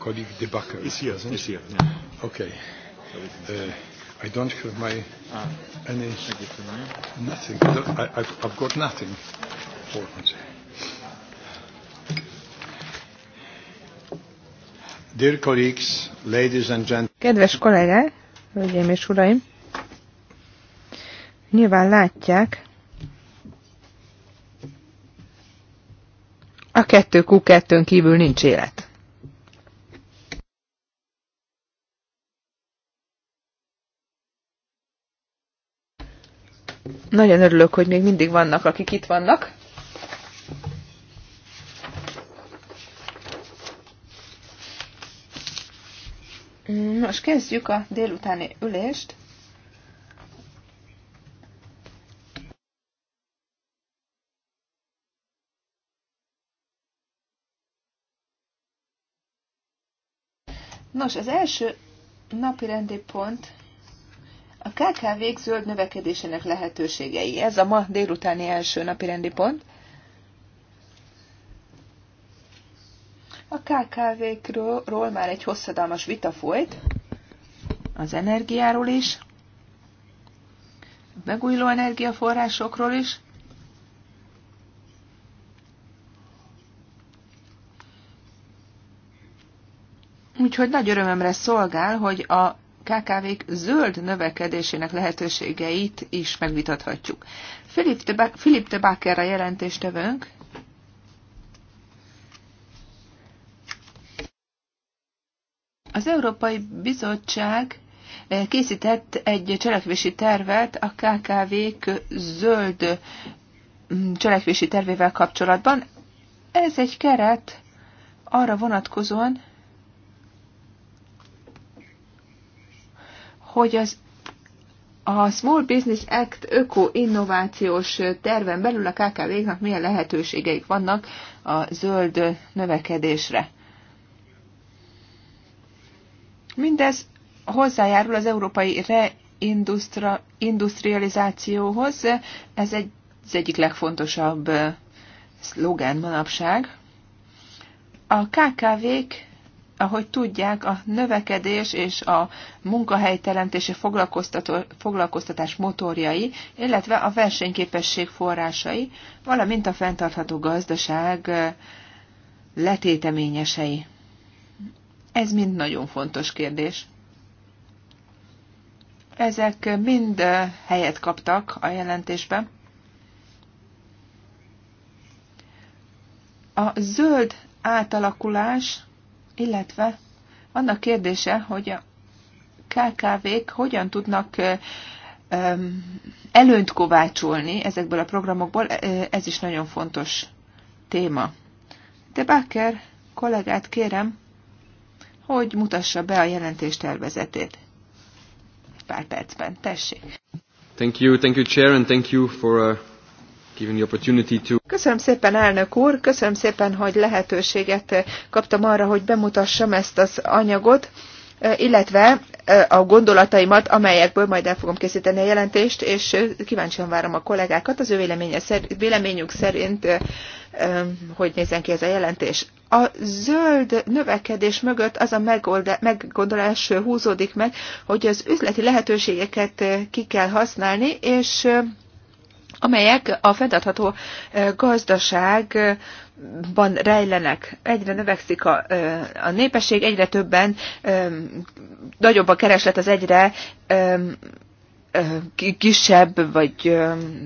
colleague De Backer. Is here, isn't is here. Yeah. Okay. Uh, I don't have my ah, any nothing. I, I've, I've got nothing. Important. Dear colleagues, ladies and gentlemen. Kedves kollégák, hölgyeim és uraim! Nyilván látják, a kettő q 2 n kívül nincs élet. Nagyon örülök, hogy még mindig vannak, akik itt vannak. Most kezdjük a délutáni ülést. Nos, az első napi rendi pont a kkv zöld növekedésének lehetőségei. Ez a ma délutáni első napi rendi pont. A KKV-król már egy hosszadalmas vita folyt, az energiáról is, megújuló energiaforrásokról is, Úgyhogy nagy örömömre szolgál, hogy a KKV-k zöld növekedésének lehetőségeit is megvitathatjuk. Philip de Backer a jelentéstevőnk. Az Európai Bizottság eh, készített egy cselekvési tervet a KKV-k zöld mm, cselekvési tervével kapcsolatban. Ez egy keret arra vonatkozóan, hogy az a Small Business Act öko-innovációs terven belül a KKV-knak milyen lehetőségeik vannak a zöld növekedésre. Mindez hozzájárul az európai reindustrializációhoz, ez egy, az egyik legfontosabb szlogán manapság. A KKV-k ahogy tudják, a növekedés és a munkahelyteremtési foglalkoztatás motorjai, illetve a versenyképesség forrásai, valamint a fenntartható gazdaság letéteményesei. Ez mind nagyon fontos kérdés. Ezek mind helyet kaptak a jelentésben. A zöld átalakulás illetve annak kérdése, hogy a KKV-k hogyan tudnak előnyt kovácsolni ezekből a programokból, ez is nagyon fontos téma. De Bakker kollégát kérem, hogy mutassa be a jelentés tervezetét. Pár percben, tessék. Thank you, thank you, Chair, and thank you for uh, Köszönöm szépen, elnök úr, köszönöm szépen, hogy lehetőséget kaptam arra, hogy bemutassam ezt az anyagot, illetve a gondolataimat, amelyekből majd el fogom készíteni a jelentést, és kíváncsian várom a kollégákat az ő véleménye szerint, véleményük szerint, hogy nézzen ki ez a jelentés. A zöld növekedés mögött az a megolda, meggondolás húzódik meg, hogy az üzleti lehetőségeket ki kell használni, és amelyek a fenntartható gazdaságban rejlenek. Egyre növekszik a, a népesség, egyre többen, nagyobb a kereslet az egyre kisebb vagy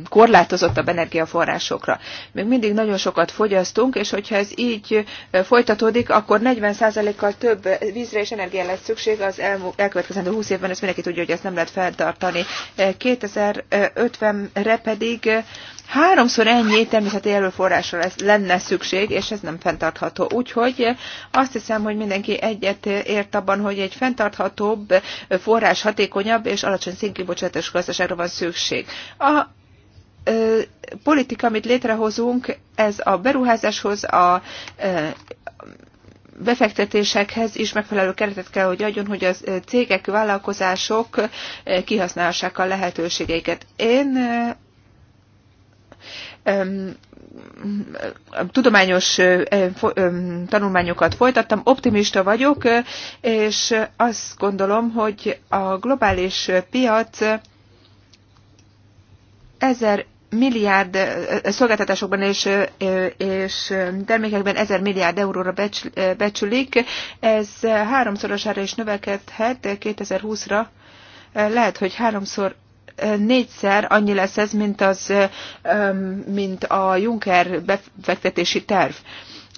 korlátozottabb energiaforrásokra. Még mindig nagyon sokat fogyasztunk, és hogyha ez így folytatódik, akkor 40%-kal több vízre és energiára lesz szükség az elkövetkezendő 20 évben, ezt mindenki tudja, hogy ezt nem lehet feltartani. 2050-re pedig Háromszor ennyi természeti erőforrásra lesz, lenne szükség, és ez nem fenntartható. Úgyhogy azt hiszem, hogy mindenki egyet ért abban, hogy egy fenntarthatóbb, forrás hatékonyabb és alacsony szénkibocsátás gazdaságra van szükség. A ö, politika, amit létrehozunk, ez a beruházáshoz, a ö, befektetésekhez is megfelelő keretet kell, hogy adjon, hogy a cégek, vállalkozások kihasználhassák a lehetőségeiket. Én tudományos tanulmányokat folytattam, optimista vagyok, és azt gondolom, hogy a globális piac ezer milliárd szolgáltatásokban és, és termékekben ezer milliárd euróra becsülik. Ez háromszorosára is növekedhet 2020-ra, lehet, hogy háromszor négyszer annyi lesz ez, mint, az, mint a Juncker befektetési terv.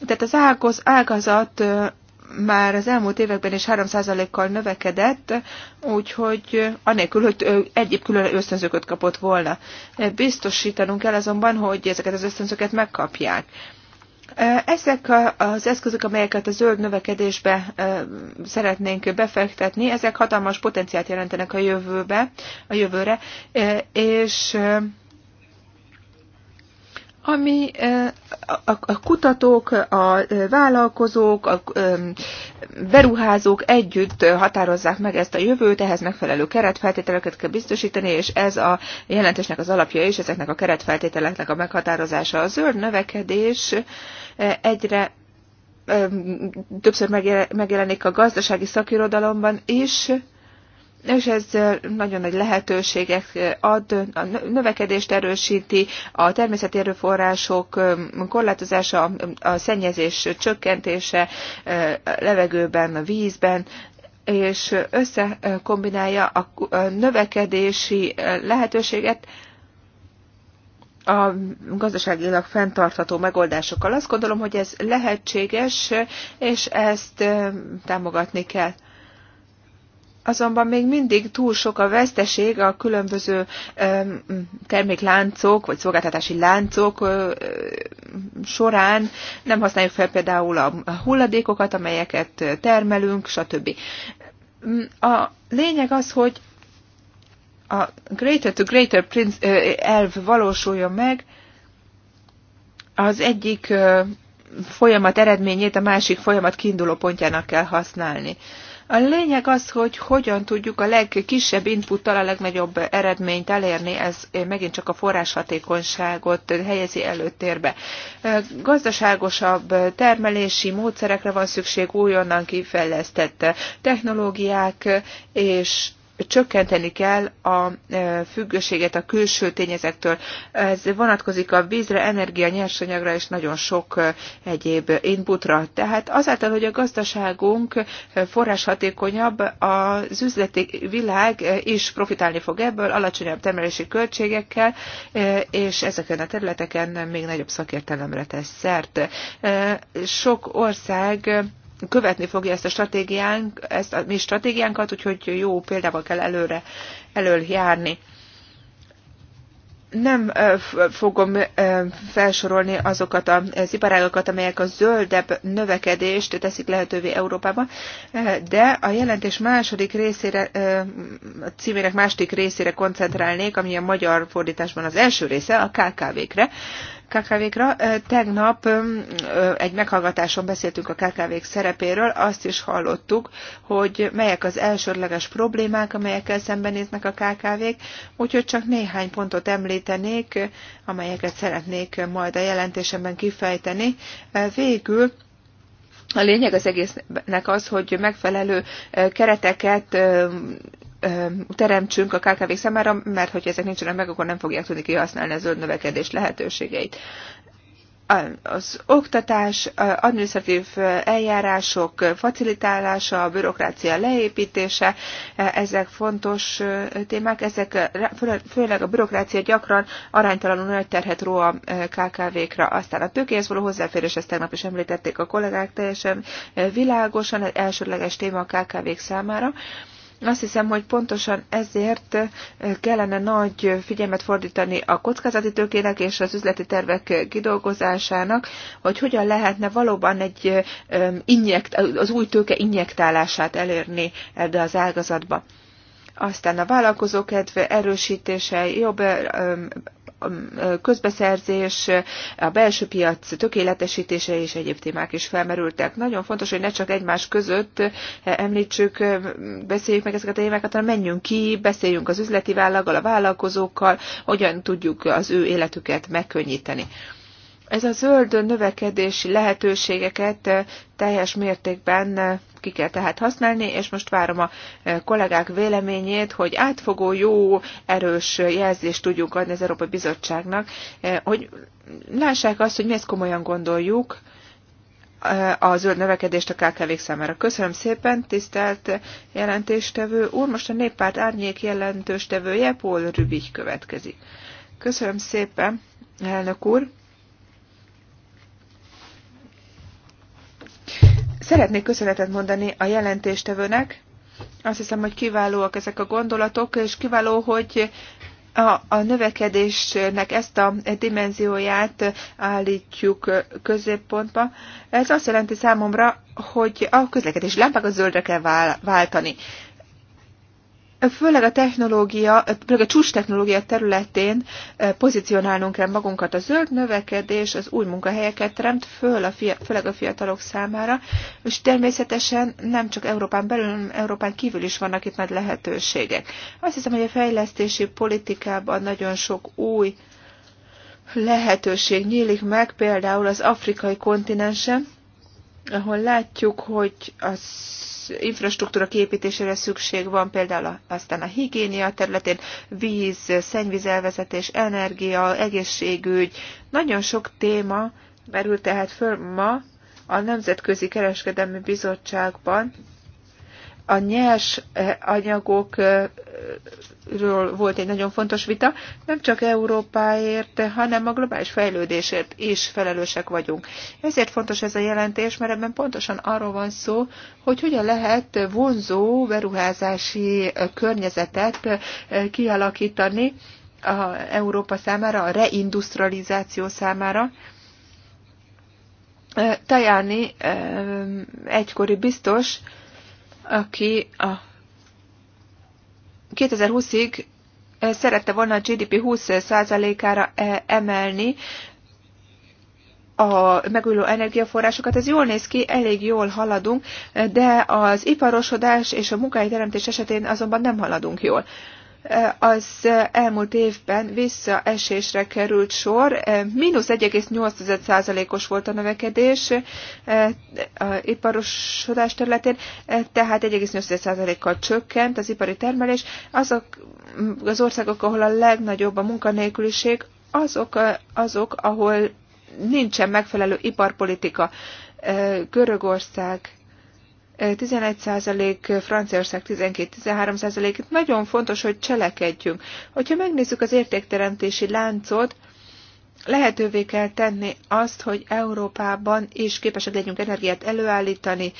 Tehát az ágaz, ágazat már az elmúlt években is 3%-kal növekedett, úgyhogy anélkül, hogy egyéb külön ösztönzőköt kapott volna. Biztosítanunk kell azonban, hogy ezeket az ösztönzőket megkapják. Ezek az eszközök, amelyeket a zöld növekedésbe szeretnénk befektetni, ezek hatalmas potenciált jelentenek a jövőbe, a jövőre, és ami a kutatók, a vállalkozók, a beruházók együtt határozzák meg ezt a jövőt, ehhez megfelelő keretfeltételeket kell biztosítani, és ez a jelentésnek az alapja és ezeknek a keretfeltételeknek a meghatározása. A zöld növekedés egyre többször megjelenik a gazdasági szakirodalomban is, és ez nagyon nagy lehetőségek ad, a növekedést erősíti, a természeti erőforrások korlátozása, a szennyezés csökkentése levegőben, vízben, és összekombinálja a növekedési lehetőséget a gazdaságilag fenntartható megoldásokkal. Azt gondolom, hogy ez lehetséges, és ezt támogatni kell. Azonban még mindig túl sok a veszteség a különböző termékláncok vagy szolgáltatási láncok során. Nem használjuk fel például a hulladékokat, amelyeket termelünk, stb. A lényeg az, hogy a Greater to Greater Prince elv valósuljon meg, az egyik folyamat eredményét a másik folyamat kiinduló pontjának kell használni. A lényeg az, hogy hogyan tudjuk a legkisebb inputtal a legnagyobb eredményt elérni, ez megint csak a forráshatékonyságot helyezi előtérbe. Gazdaságosabb termelési módszerekre van szükség, újonnan kifejlesztett technológiák és csökkenteni kell a e, függőséget a külső tényezektől. Ez vonatkozik a vízre, energia, nyersanyagra és nagyon sok e, egyéb inputra. Tehát azáltal, hogy a gazdaságunk e, forráshatékonyabb, az üzleti világ is profitálni fog ebből, alacsonyabb termelési költségekkel, és ezeken a területeken még nagyobb szakértelemre tesz szert. Sok ország követni fogja ezt a stratégiánk, ezt a mi stratégiánkat, úgyhogy jó példával kell előre, elől járni. Nem fogom felsorolni azokat az iparágokat, amelyek a zöldebb növekedést teszik lehetővé Európában, de a jelentés második részére, a címének második részére koncentrálnék, ami a magyar fordításban az első része, a KKV-kre. KKV-kra. Tegnap egy meghallgatáson beszéltünk a KKV-k szerepéről, azt is hallottuk, hogy melyek az elsődleges problémák, amelyekkel szembenéznek a KKV-k, úgyhogy csak néhány pontot említenék, amelyeket szeretnék majd a jelentésemben kifejteni. Végül a lényeg az egésznek az, hogy megfelelő kereteket teremtsünk a kkv számára, mert hogyha ezek nincsenek meg, akkor nem fogják tudni kihasználni a zöld növekedés lehetőségeit. Az oktatás, administratív eljárások facilitálása, a bürokrácia leépítése, ezek fontos témák, ezek főleg a bürokrácia gyakran aránytalanul nagy terhet ró a KKV-kra. Aztán a tőkéhez való hozzáférés, ezt tegnap is említették a kollégák, teljesen világosan, elsődleges téma a KKV-k számára. Azt hiszem, hogy pontosan ezért eh, kellene nagy figyelmet fordítani a kockázati tőkének és az üzleti tervek kidolgozásának, hogy hogyan lehetne valóban egy eh, injekt, az új tőke injektálását elérni ebbe az ágazatba aztán a vállalkozókedv erősítése, jobb eh, közbeszerzés, a belső piac tökéletesítése és egyéb témák is felmerültek. Nagyon fontos, hogy ne csak egymás között említsük, beszéljük meg ezeket a témákat, hanem menjünk ki, beszéljünk az üzleti vállaggal, a vállalkozókkal, hogyan tudjuk az ő életüket megkönnyíteni. Ez a zöld növekedési lehetőségeket eh, teljes mértékben eh, ki kell tehát használni, és most várom a eh, kollégák véleményét, hogy átfogó, jó, erős jelzést tudjunk adni az Európai Bizottságnak, hogy lássák azt, hogy mi ezt komolyan gondoljuk, a zöld növekedést a kkv számára. Köszönöm szépen, tisztelt jelentéstevő úr. Most a néppárt árnyék jelentőstevője, Paul Rübig következik. Köszönöm szépen, elnök úr. Szeretnék köszönetet mondani a jelentéstevőnek. Azt hiszem, hogy kiválóak ezek a gondolatok, és kiváló, hogy a, a növekedésnek ezt a dimenzióját állítjuk középpontba. Ez azt jelenti számomra, hogy a közlekedés a zöldre kell váltani főleg a technológia, főleg a csúcs technológia területén eh, pozícionálnunk kell magunkat. A zöld növekedés az új munkahelyeket teremt, föl a fia, főleg a fiatalok számára, és természetesen nem csak Európán belül, hanem Európán kívül is vannak itt nagy lehetőségek. Azt hiszem, hogy a fejlesztési politikában nagyon sok új lehetőség nyílik meg, például az afrikai kontinensen, ahol látjuk, hogy az infrastruktúra képítésére szükség van, például aztán a higiénia területén, víz, szennyvízelvezetés, energia, egészségügy, nagyon sok téma merül tehát föl ma a Nemzetközi Kereskedelmi Bizottságban, a nyers eh, anyagokról eh, volt egy nagyon fontos vita, nem csak Európáért, hanem a globális fejlődésért is felelősek vagyunk. Ezért fontos ez a jelentés, mert ebben pontosan arról van szó, hogy hogyan lehet vonzó beruházási környezetet eh, kialakítani a Európa számára, a reindustrializáció számára, Tajani egykori biztos aki a 2020-ig eh, szerette volna a GDP 20%-ára eh, emelni a megújuló energiaforrásokat. Ez jól néz ki, elég jól haladunk, eh, de az iparosodás és a munkahelyteremtés esetén azonban nem haladunk jól az elmúlt évben visszaesésre került sor. Mínusz 1,8%-os volt a növekedés eh, a iparosodás területén, eh, tehát 1,8%-kal csökkent az ipari termelés. Azok mm, az országok, ahol a legnagyobb a munkanélküliség, azok, eh, azok ahol nincsen megfelelő iparpolitika. Görögország, 11% Franciaország 12-13%. Nagyon fontos, hogy cselekedjünk. Hogyha megnézzük az értékteremtési láncot, lehetővé kell tenni azt, hogy Európában is képesek legyünk energiát előállítani.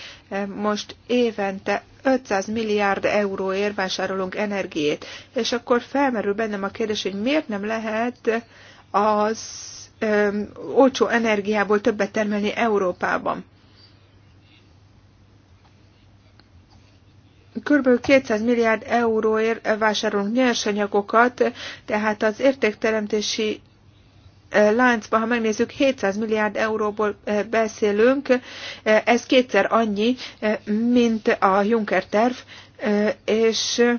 Most évente 500 milliárd euróért vásárolunk energiét. És akkor felmerül bennem a kérdés, hogy miért nem lehet az ö, olcsó energiából többet termelni Európában. kb. 200 milliárd euróért vásárolunk nyersanyagokat, tehát az értékteremtési eh, láncban, ha megnézzük, 700 milliárd euróból eh, beszélünk, eh, ez kétszer annyi, mint a Juncker terv, és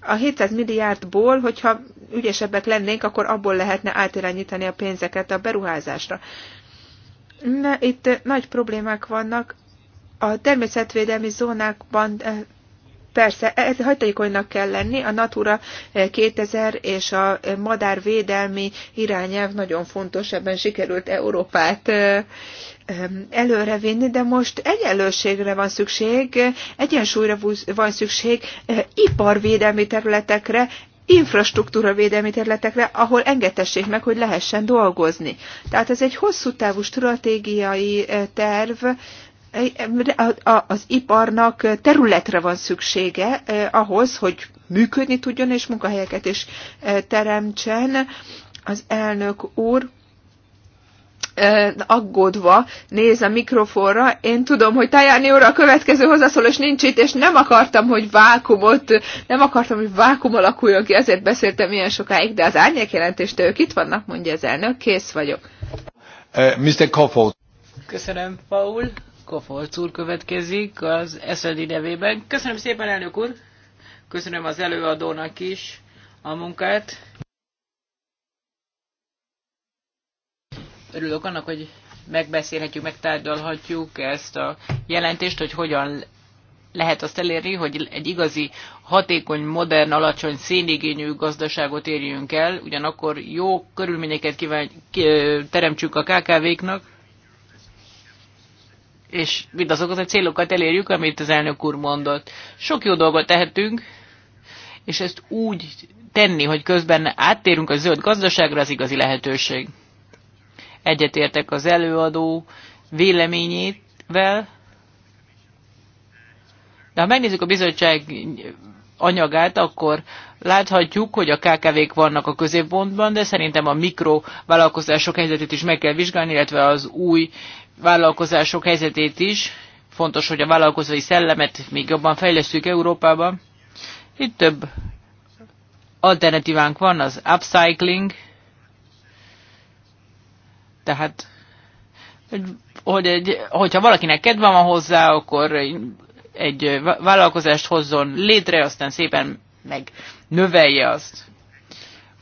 a 700 milliárdból, hogyha ügyesebbek lennénk, akkor abból lehetne átirányítani a pénzeket a beruházásra. Na, itt nagy problémák vannak a természetvédelmi zónákban eh, persze e, e, hajtékonynak kell lenni, a Natura 2000 eh, és a eh, madárvédelmi irányelv nagyon fontos, ebben sikerült Európát előrevinni, de most egyenlőségre van szükség, egyensúlyra van szükség iparvédelmi területekre, infrastruktúra védelmi területekre, ahol engedessék meg, hogy lehessen dolgozni. Tehát ez egy hosszú távú stratégiai terv, az iparnak területre van szüksége eh, ahhoz, hogy működni tudjon és munkahelyeket is eh, teremtsen. Az elnök úr eh, aggódva néz a mikrofonra. Én tudom, hogy Tajáni úr a következő és nincs itt, és nem akartam, hogy vákumot, nem akartam, hogy vákum alakuljon ki, ezért beszéltem ilyen sokáig, de az árnyék jelentést ők itt vannak, mondja az elnök, kész vagyok. Uh, Mr. Kofod. Köszönöm, Paul. Kofolc úr következik az eszedi nevében. Köszönöm szépen, elnök úr! Köszönöm az előadónak is a munkát. Örülök annak, hogy megbeszélhetjük, megtárgyalhatjuk ezt a jelentést, hogy hogyan lehet azt elérni, hogy egy igazi, hatékony, modern, alacsony szénigényű gazdaságot érjünk el, ugyanakkor jó körülményeket kíván, teremtsük a KKV-knak, és mindazokat a célokat elérjük, amit az elnök úr mondott. Sok jó dolgot tehetünk, és ezt úgy tenni, hogy közben áttérünk a zöld gazdaságra, az igazi lehetőség. Egyetértek az előadó véleményével, de ha megnézzük a bizottság anyagát, akkor láthatjuk, hogy a KKV-k vannak a középpontban, de szerintem a mikrovállalkozások helyzetét is meg kell vizsgálni, illetve az új vállalkozások helyzetét is. Fontos, hogy a vállalkozói szellemet még jobban fejlesztjük Európában. Itt több alternatívánk van, az upcycling, tehát hogy egy, hogyha valakinek kedve van hozzá, akkor egy vállalkozást hozzon létre, aztán szépen meg növelje azt.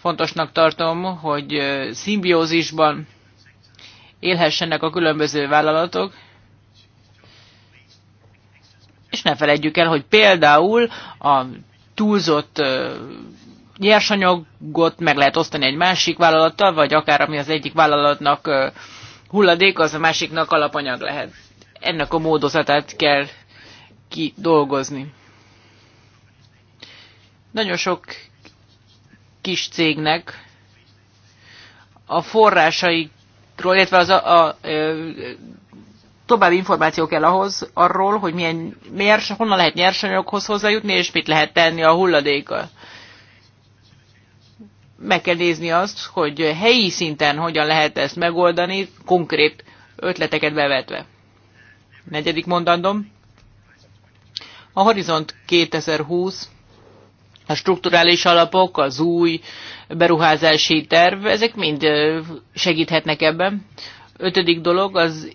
Fontosnak tartom, hogy szimbiózisban élhessenek a különböző vállalatok. És ne felejtjük el, hogy például a túlzott nyersanyagot meg lehet osztani egy másik vállalattal, vagy akár ami az egyik vállalatnak hulladék, az a másiknak alapanyag lehet. Ennek a módozatát kell kidolgozni. Nagyon sok kis cégnek a forrásai ról, illetve az a, a, további információ kell ahhoz arról, hogy milyen nyers, honnan lehet nyersanyaghoz hozzájutni, és mit lehet tenni a hulladékkal. Meg kell nézni azt, hogy helyi szinten hogyan lehet ezt megoldani, konkrét ötleteket bevetve. Negyedik mondandom. A Horizont 2020 a strukturális alapok, az új beruházási terv, ezek mind segíthetnek ebben. Ötödik dolog, az,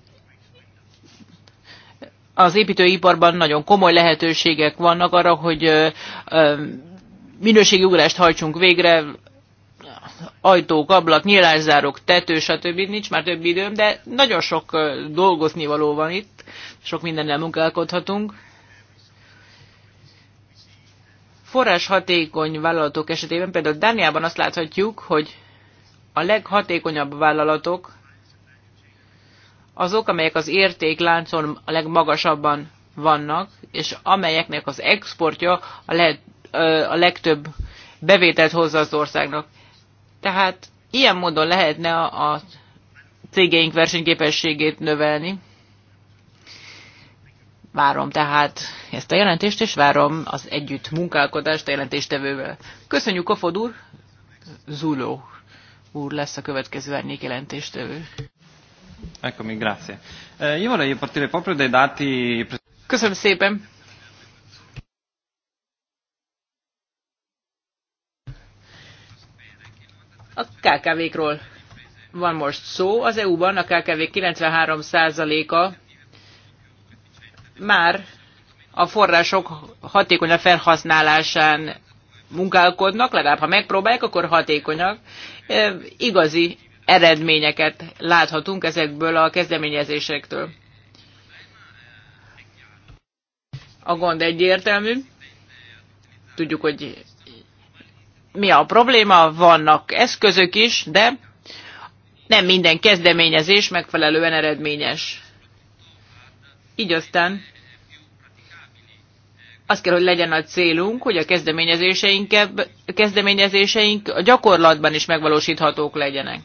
az építőiparban nagyon komoly lehetőségek vannak arra, hogy minőségi ugrást hajtsunk végre, ajtók, ablak, nyílászárók, tető, stb. Nincs már több időm, de nagyon sok dolgozni való van itt, sok mindennel munkálkodhatunk forráshatékony vállalatok esetében, például Dániában azt láthatjuk, hogy a leghatékonyabb vállalatok azok, amelyek az értékláncon a legmagasabban vannak, és amelyeknek az exportja a, le, a legtöbb bevételt hozza az országnak. Tehát ilyen módon lehetne a, cégeink versenyképességét növelni. Várom tehát ezt a jelentést, és várom az együtt munkálkodást a jelentéstevővel. Köszönjük, Kofod úr! Zuló úr lesz a következő árnyék jelentéstevő. Eccomi, grazie. Eh, io vorrei partire proprio dai dati... Köszönöm szépen! A KKV-król van most szó. Az EU-ban a KKV 93%-a már a források hatékonyabb felhasználásán munkálkodnak, legalább ha megpróbálják, akkor hatékonyak. Igazi eredményeket láthatunk ezekből a kezdeményezésektől. A gond egyértelmű. Tudjuk, hogy mi a probléma, vannak eszközök is, de nem minden kezdeményezés megfelelően eredményes. Így aztán az kell, hogy legyen a célunk, hogy a kezdeményezéseink, a kezdeményezéseink a gyakorlatban is megvalósíthatók legyenek.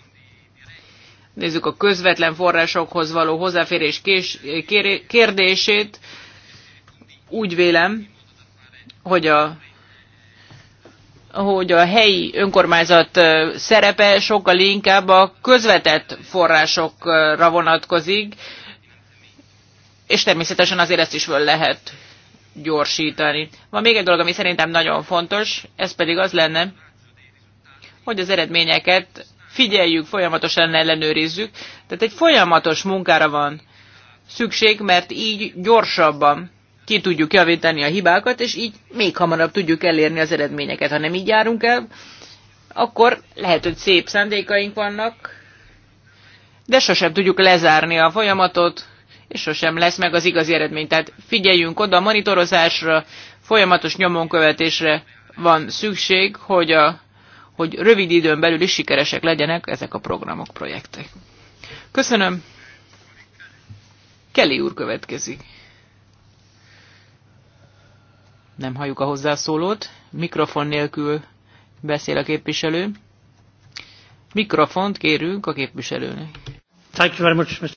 Nézzük a közvetlen forrásokhoz való hozzáférés kés, kérdését. Úgy vélem, hogy a hogy a helyi önkormányzat szerepe sokkal inkább a közvetett forrásokra vonatkozik, és természetesen azért ezt is föl lehet gyorsítani. Van még egy dolog, ami szerintem nagyon fontos, ez pedig az lenne, hogy az eredményeket figyeljük, folyamatosan ellenőrizzük. Tehát egy folyamatos munkára van szükség, mert így gyorsabban ki tudjuk javítani a hibákat, és így még hamarabb tudjuk elérni az eredményeket. Ha nem így járunk el, akkor lehet, hogy szép szándékaink vannak, de sosem tudjuk lezárni a folyamatot, és sosem lesz meg az igazi eredmény. Tehát figyeljünk oda a monitorozásra, folyamatos nyomonkövetésre van szükség, hogy, a, hogy rövid időn belül is sikeresek legyenek ezek a programok, projektek. Köszönöm. Kelly úr következik. Nem halljuk a hozzászólót. Mikrofon nélkül beszél a képviselő. Mikrofont kérünk a képviselőnek. Thank you very much, Mr.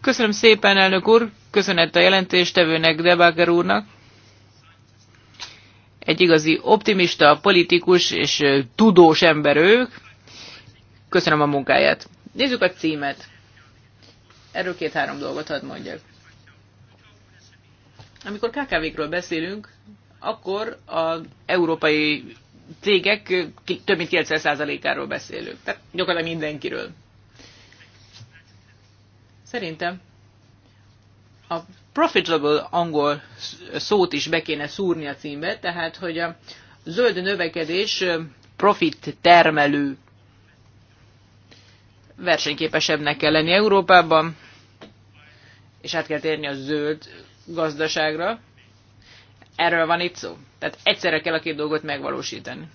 Köszönöm szépen, elnök úr, köszönet a jelentéstevőnek, Debaker úrnak. Egy igazi optimista, politikus és tudós ember ők. Köszönöm a munkáját. Nézzük a címet. Erről két-három dolgot hadd mondjak. Amikor KKV-kről beszélünk, akkor az európai cégek több mint 90%-áról beszélünk. Tehát gyakorlatilag mindenkiről. Szerintem a profitable angol szót is be kéne szúrni a címbe, tehát hogy a zöld növekedés profit termelő versenyképesebbnek kell lenni Európában, és át kell térni a zöld gazdaságra. Erről van itt szó. Tehát egyszerre kell a két dolgot megvalósítani.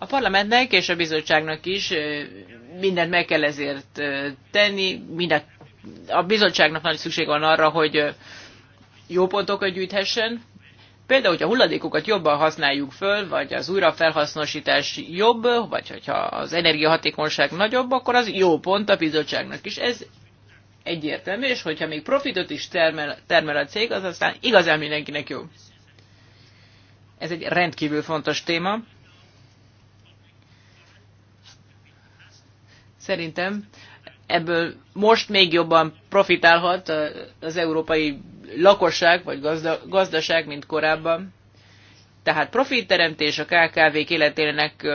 A parlamentnek és a bizottságnak is mindent meg kell ezért tenni, mindent, a bizottságnak nagy szükség van arra, hogy jó pontokat gyűjthessen, Például, hogyha hulladékokat jobban használjuk föl, vagy az újrafelhasznosítás jobb, vagy hogyha az energiahatékonyság nagyobb, akkor az jó pont a bizottságnak is. Ez egyértelmű, és hogyha még profitot is termel, termel a cég, az aztán igazán mindenkinek jó. Ez egy rendkívül fontos téma. Szerintem ebből most még jobban profitálhat az európai lakosság vagy gazda, gazdaság, mint korábban. Tehát profitteremtés, a KKV-k életének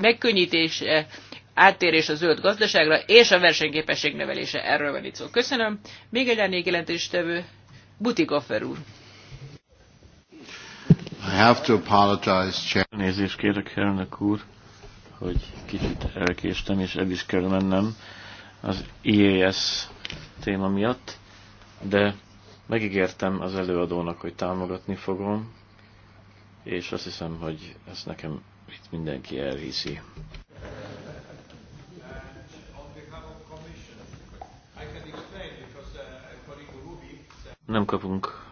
megkönnyítése, áttérés a zöld gazdaságra és a versenyképesség növelése. Erről van itt szó. Köszönöm. Még egy elnékjelentéstevő, Butikoffer úr. I have to apologize, Chair. Nézést kérek, elnök úr hogy kicsit elkéstem, és el is kell mennem az IAS e téma miatt, de megígértem az előadónak, hogy támogatni fogom, és azt hiszem, hogy ezt nekem itt mindenki elhiszi. Nem kapunk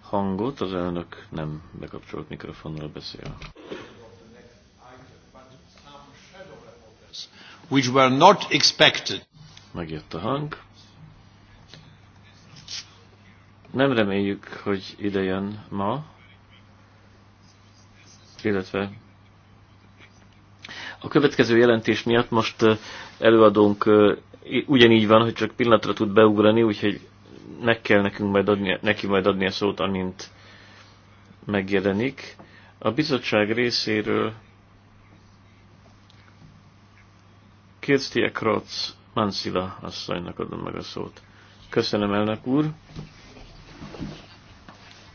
hangot, az elnök nem bekapcsolt mikrofonnal beszél. which were not expected. Megjött a hang. Nem reméljük, hogy ide jön ma, illetve a következő jelentés miatt most előadónk ugyanígy van, hogy csak pillanatra tud beugrani, úgyhogy meg kell nekünk majd adni, neki majd adni a szót, amint megjelenik. A bizottság részéről Kirstie Krotz Mansila asszonynak adom meg a szót. Köszönöm elnök úr,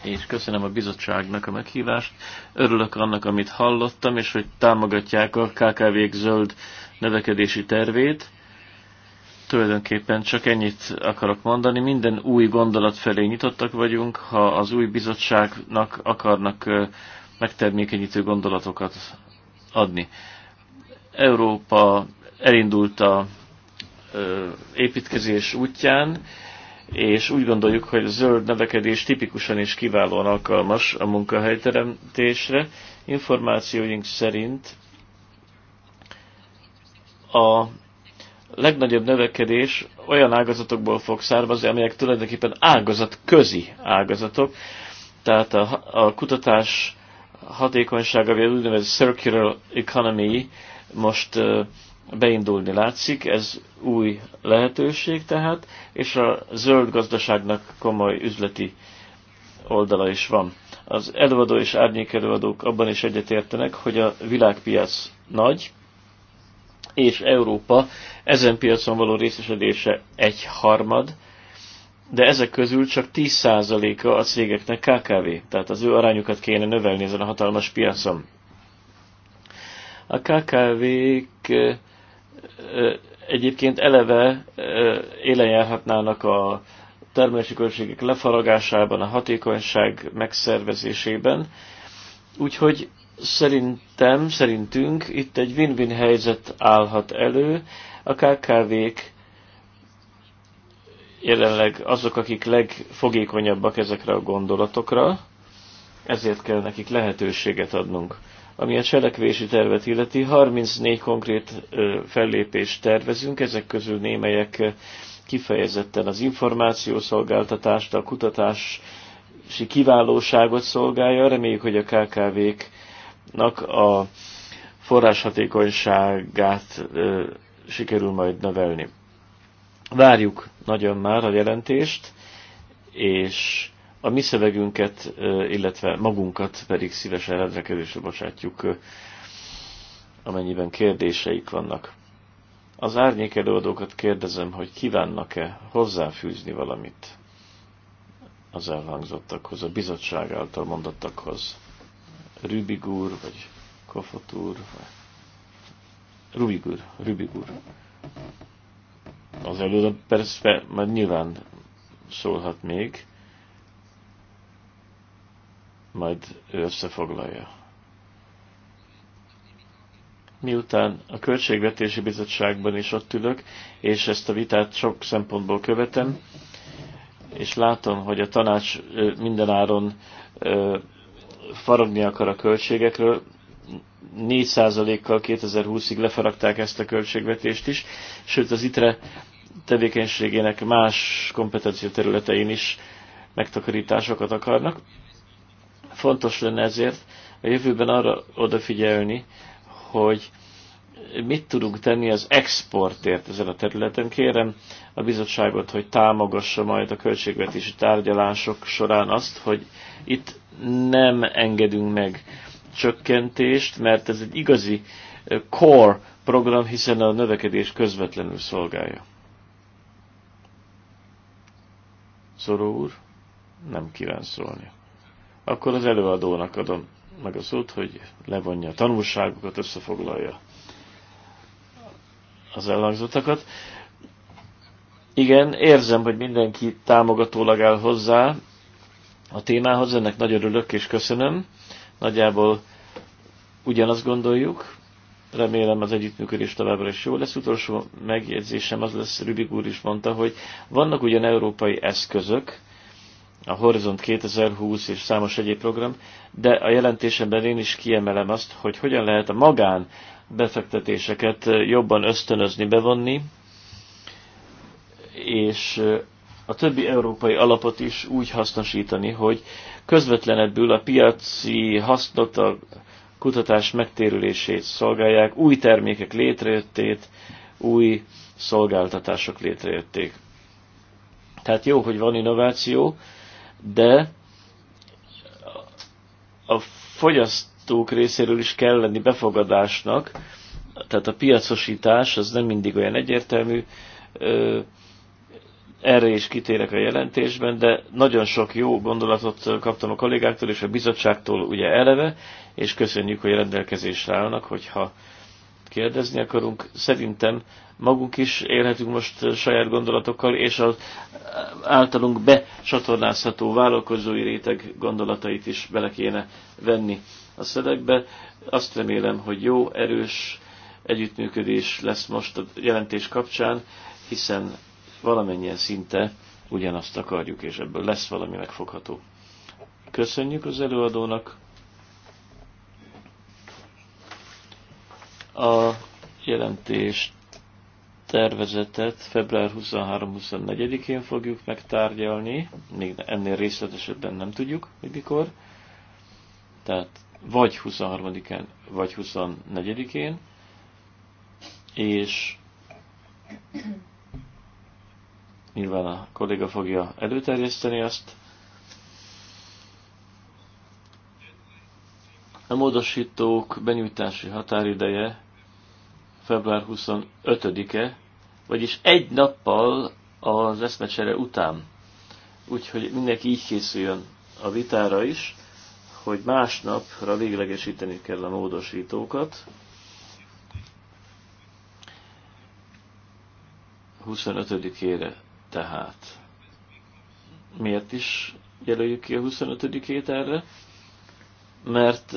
és köszönöm a bizottságnak a meghívást. Örülök annak, amit hallottam, és hogy támogatják a kkv zöld növekedési tervét. Tulajdonképpen csak ennyit akarok mondani. Minden új gondolat felé nyitottak vagyunk. Ha az új bizottságnak akarnak megtermékenyítő gondolatokat adni. Európa elindult a építkezés útján, és úgy gondoljuk, hogy a zöld növekedés tipikusan és kiválóan alkalmas a munkahelyteremtésre. Információink szerint a legnagyobb növekedés olyan ágazatokból fog származni, amelyek tulajdonképpen ágazat közi ágazatok, tehát a, a kutatás hatékonysága, vagy úgynevezett circular economy most beindulni látszik, ez új lehetőség tehát, és a zöld gazdaságnak komoly üzleti oldala is van. Az előadó és árnyék előadók abban is egyetértenek, hogy a világpiac nagy, és Európa ezen piacon való részesedése egy harmad, de ezek közül csak 10%-a a cégeknek KKV, tehát az ő arányukat kéne növelni ezen a hatalmas piacon. A KKV-k egyébként eleve élen járhatnának a termelési költségek lefaragásában, a hatékonyság megszervezésében. Úgyhogy szerintem, szerintünk itt egy win-win helyzet állhat elő. A KKV-k jelenleg azok, akik legfogékonyabbak ezekre a gondolatokra, ezért kell nekik lehetőséget adnunk ami a cselekvési tervet illeti. 34 konkrét fellépést tervezünk, ezek közül némelyek kifejezetten az információszolgáltatást, a kutatási kiválóságot szolgálja. Reméljük, hogy a KKV-knak a forráshatékonyságát sikerül majd növelni. Várjuk nagyon már a jelentést, és a mi szövegünket, illetve magunkat pedig szívesen rendelkezésre bocsátjuk, amennyiben kérdéseik vannak. Az árnyék előadókat kérdezem, hogy kívánnak-e hozzáfűzni valamit az elhangzottakhoz, a bizottság által mondottakhoz. Rübig úr, vagy Kofot úr, vagy... Rubig úr, Rübig úr. Az előadó persze, mert nyilván szólhat még majd ő összefoglalja. Miután a Költségvetési Bizottságban is ott ülök, és ezt a vitát sok szempontból követem, és látom, hogy a tanács mindenáron faragni akar a költségekről, 4%-kal 2020-ig lefaragták ezt a költségvetést is, sőt az ITRE tevékenységének más kompetencia területein is megtakarításokat akarnak. Fontos lenne ezért a jövőben arra odafigyelni, hogy mit tudunk tenni az exportért ezen a területen. Kérem a bizottságot, hogy támogassa majd a költségvetési tárgyalások során azt, hogy itt nem engedünk meg csökkentést, mert ez egy igazi core program, hiszen a növekedés közvetlenül szolgálja. Szoró úr, nem kíván szólni. Akkor az előadónak adom meg a szót, hogy levonja a tanulságokat, összefoglalja az elhangzottakat. Igen, érzem, hogy mindenki támogatólag áll hozzá a témához, ennek nagyon örülök és köszönöm. Nagyjából ugyanazt gondoljuk, remélem az együttműködés továbbra is jó lesz. Utolsó megjegyzésem az lesz, Rübig úr is mondta, hogy vannak ugyan európai eszközök, a Horizont 2020 és számos egyéb program, de a jelentésemben én is kiemelem azt, hogy hogyan lehet a magán befektetéseket jobban ösztönözni, bevonni, és a többi európai alapot is úgy hasznosítani, hogy közvetlenebbül a piaci hasznot, a kutatás megtérülését szolgálják, új termékek létrejöttét, új szolgáltatások létrejötték. Tehát jó, hogy van innováció, de a fogyasztók részéről is kell lenni befogadásnak, tehát a piacosítás az nem mindig olyan egyértelmű, erre is kitérek a jelentésben, de nagyon sok jó gondolatot kaptam a kollégáktól és a bizottságtól ugye eleve, és köszönjük, hogy rendelkezésre állnak, hogyha kérdezni akarunk. Szerintem magunk is élhetünk most eh, saját gondolatokkal, és az eh, általunk besatornázható vállalkozói réteg gondolatait is bele kéne venni a szövegbe. Azt remélem, hogy jó, erős együttműködés lesz most a jelentés kapcsán, hiszen valamennyien szinte ugyanazt akarjuk, és ebből lesz valami megfogható. Köszönjük az előadónak! A jelentést tervezetet február 23-24-én fogjuk megtárgyalni, még ennél részletesebben nem tudjuk, hogy mikor. Tehát vagy 23-án, vagy 24-én, és nyilván a kolléga fogja előterjeszteni azt, A módosítók benyújtási határideje február 25-e, vagyis egy nappal az eszmecsere után. Úgyhogy mindenki így készüljön a vitára is, hogy másnapra véglegesíteni kell a módosítókat. 25-ére tehát. Miért is jelöljük ki a 25-ét erre? Mert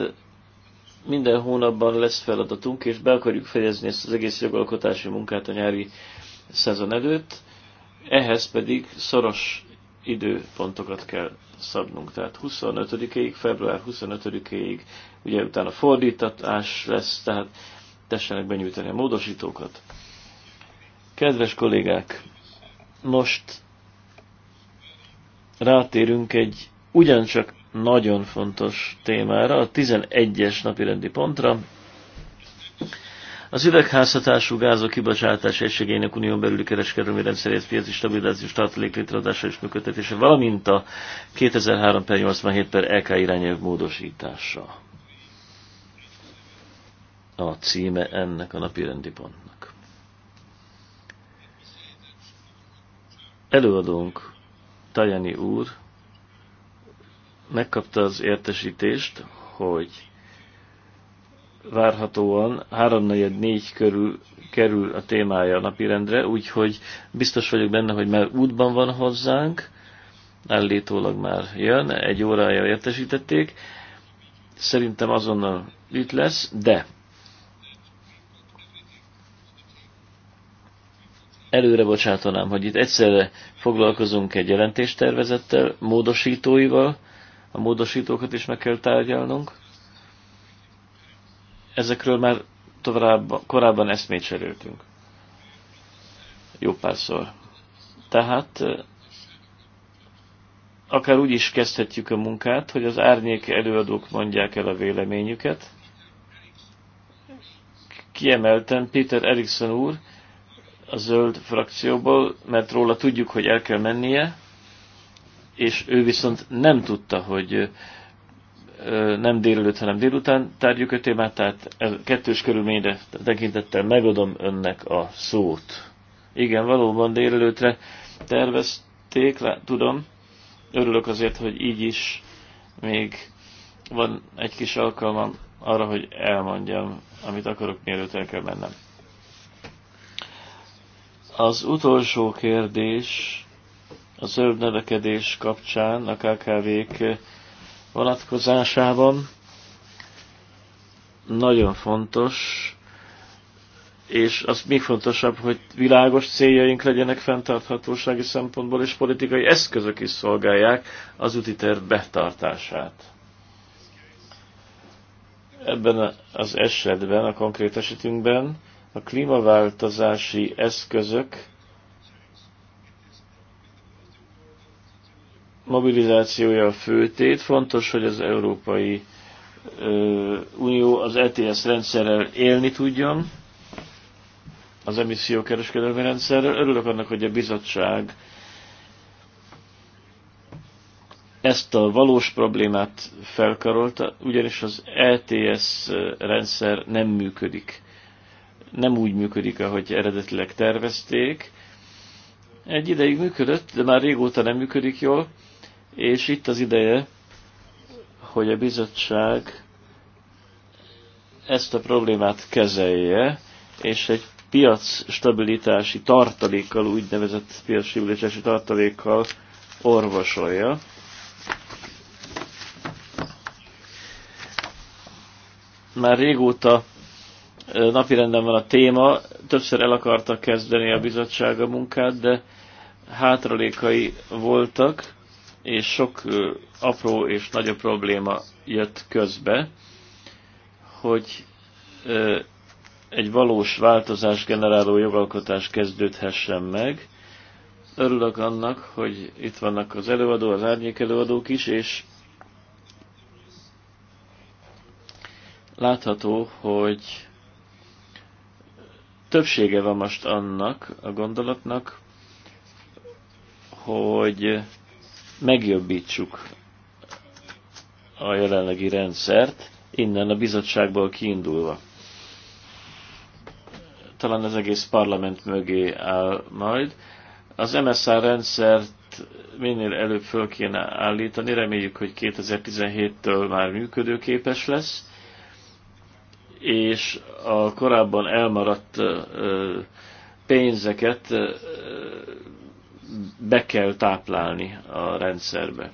minden hónapban lesz feladatunk, és be akarjuk fejezni ezt az egész jogalkotási munkát a nyári szezon előtt, ehhez pedig szoros időpontokat kell szabnunk, tehát 25-ig, február 25-ig, ugye utána fordítatás lesz, tehát tessenek benyújtani a módosítókat. Kedves kollégák, most rátérünk egy ugyancsak nagyon fontos témára, a 11-es napirendi pontra. Az üvegházhatású gázok kibocsátás egységének unión belüli kereskedelmi rendszerét, piaci stabilizációs tartalék létrehozása és működtetése, valamint a 2003 per 87 per EK irányelv módosítása. A címe ennek a napirendi pontnak. Előadónk Tajani úr megkapta az értesítést, hogy várhatóan 3-4 körül kerül a témája a napirendre, úgyhogy biztos vagyok benne, hogy már útban van hozzánk, állítólag már jön, egy órája értesítették, szerintem azonnal itt lesz, de előre bocsátanám, hogy itt egyszerre foglalkozunk egy jelentéstervezettel, módosítóival, a módosítókat is meg kell tárgyalnunk. Ezekről már tovább, korábban eszmét cseréltünk. Jó párszor. Tehát akár úgy is kezdhetjük a munkát, hogy az árnyék előadók mondják el a véleményüket. Kiemelten Peter Erikson úr a zöld frakcióból, mert róla tudjuk, hogy el kell mennie, és ő viszont nem tudta, hogy nem délelőtt, hanem délután tárgyuk a témát, tehát kettős körülményre tekintettel megadom önnek a szót. Igen, valóban délelőtre tervezték, lá, tudom. Örülök azért, hogy így is még van egy kis alkalmam arra, hogy elmondjam, amit akarok, mielőtt el kell mennem. Az utolsó kérdés a zöld növekedés kapcsán, a KKV-k vonatkozásában nagyon fontos, és az még fontosabb, hogy világos céljaink legyenek fenntarthatósági szempontból, és politikai eszközök is szolgálják az úti terv betartását. Ebben az esetben, a konkrét esetünkben a klímaváltozási eszközök mobilizációja a főtét. Fontos, hogy az Európai Unió az ETS rendszerrel élni tudjon, az emissziókereskedelmi rendszerrel. Örülök annak, hogy a bizottság ezt a valós problémát felkarolta, ugyanis az ETS rendszer nem működik. Nem úgy működik, ahogy eredetileg tervezték. Egy ideig működött, de már régóta nem működik jól, és itt az ideje, hogy a bizottság ezt a problémát kezelje, és egy piac stabilitási tartalékkal, úgynevezett piac stabilitási tartalékkal orvosolja. Már régóta napirenden van a téma, többször el akarta kezdeni a bizottság a munkát, de hátralékai voltak, és sok apró és nagyobb probléma jött közbe, hogy egy valós változás generáló jogalkotás kezdődhessen meg. Örülök annak, hogy itt vannak az előadó, az árnyék előadók is, és látható, hogy többsége van most annak a gondolatnak, hogy megjobbítsuk a jelenlegi rendszert, innen a bizottságból kiindulva. Talán az egész parlament mögé áll majd. Az MSR rendszert minél előbb föl kéne állítani, reméljük, hogy 2017-től már működőképes lesz, és a korábban elmaradt pénzeket be kell táplálni a rendszerbe.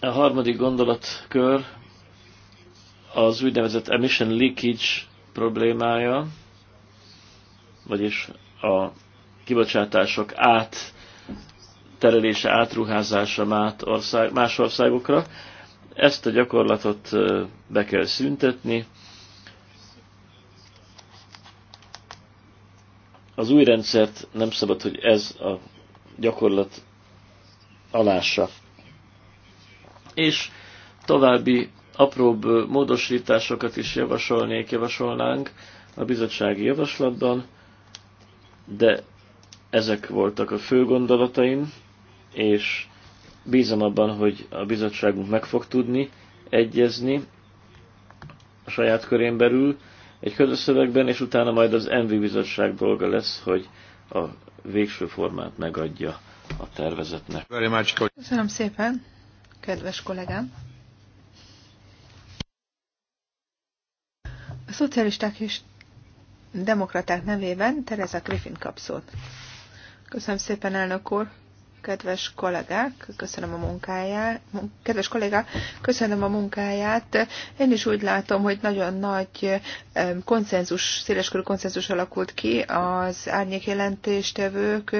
A harmadik gondolatkör az úgynevezett emission leakage problémája, vagyis a kibocsátások átterelése, átruházása más országokra. Ezt a gyakorlatot be kell szüntetni, Az új rendszert nem szabad, hogy ez a gyakorlat alássa. És további apróbb módosításokat is javasolnék, javasolnánk a bizottsági javaslatban, de ezek voltak a fő gondolataim, és bízom abban, hogy a bizottságunk meg fog tudni egyezni a saját körén belül, egy közös szövegben, és utána majd az MV bizottság dolga lesz, hogy a végső formát megadja a tervezetnek. Köszönöm szépen, kedves kollégám! A szocialisták és demokraták nevében Tereza Griffin kapszót. Köszönöm szépen, elnök úr! kedves kollégák, köszönöm a munkáját, kedves kollega köszönöm a munkáját. Én is úgy látom, hogy nagyon nagy konszenzus, széleskörű konszenzus alakult ki az árnyék jelentéstevők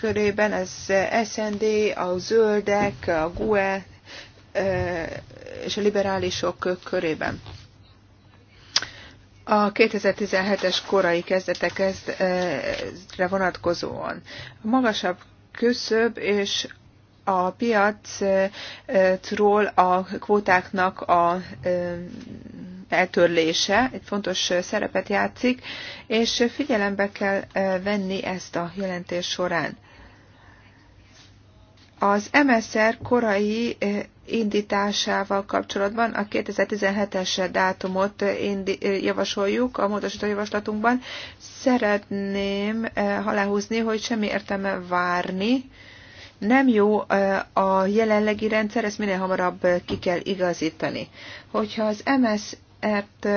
körében, az SND, a zöldek, a GUE e, és a liberálisok körében. A 2017-es korai kezdetekre e, vonatkozóan magasabb küszöb és a piacról a kvótáknak a eltörlése egy fontos szerepet játszik, és figyelembe kell venni ezt a jelentés során. Az MSR korai indításával kapcsolatban a 2017-es dátumot javasoljuk a módosító javaslatunkban. Szeretném aláhúzni, hogy semmi értelme várni. Nem jó a jelenlegi rendszer, ezt minél hamarabb ki kell igazítani. Hogyha az msz t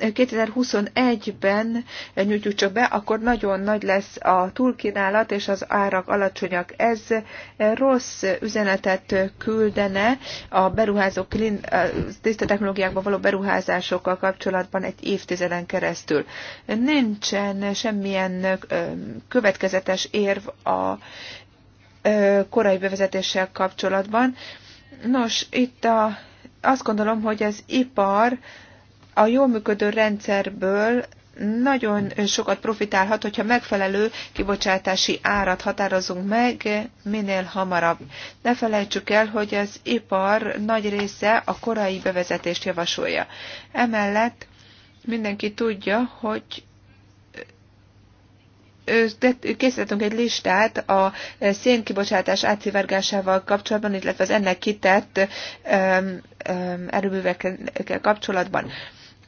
2021-ben nyújtjuk csak be, akkor nagyon nagy lesz a túlkínálat, és az árak alacsonyak. Ez rossz üzenetet küldene a beruházók, tiszta technológiákba való beruházásokkal kapcsolatban egy évtizeden keresztül. Nincsen semmilyen következetes érv a korai bevezetéssel kapcsolatban. Nos, itt a, azt gondolom, hogy az ipar a jól működő rendszerből nagyon sokat profitálhat, hogyha megfelelő kibocsátási árat határozunk meg minél hamarabb. Ne felejtsük el, hogy az ipar nagy része a korai bevezetést javasolja. Emellett mindenki tudja, hogy készítettünk egy listát a szénkibocsátás átszivárgásával kapcsolatban, illetve az ennek kitett erőművekkel kapcsolatban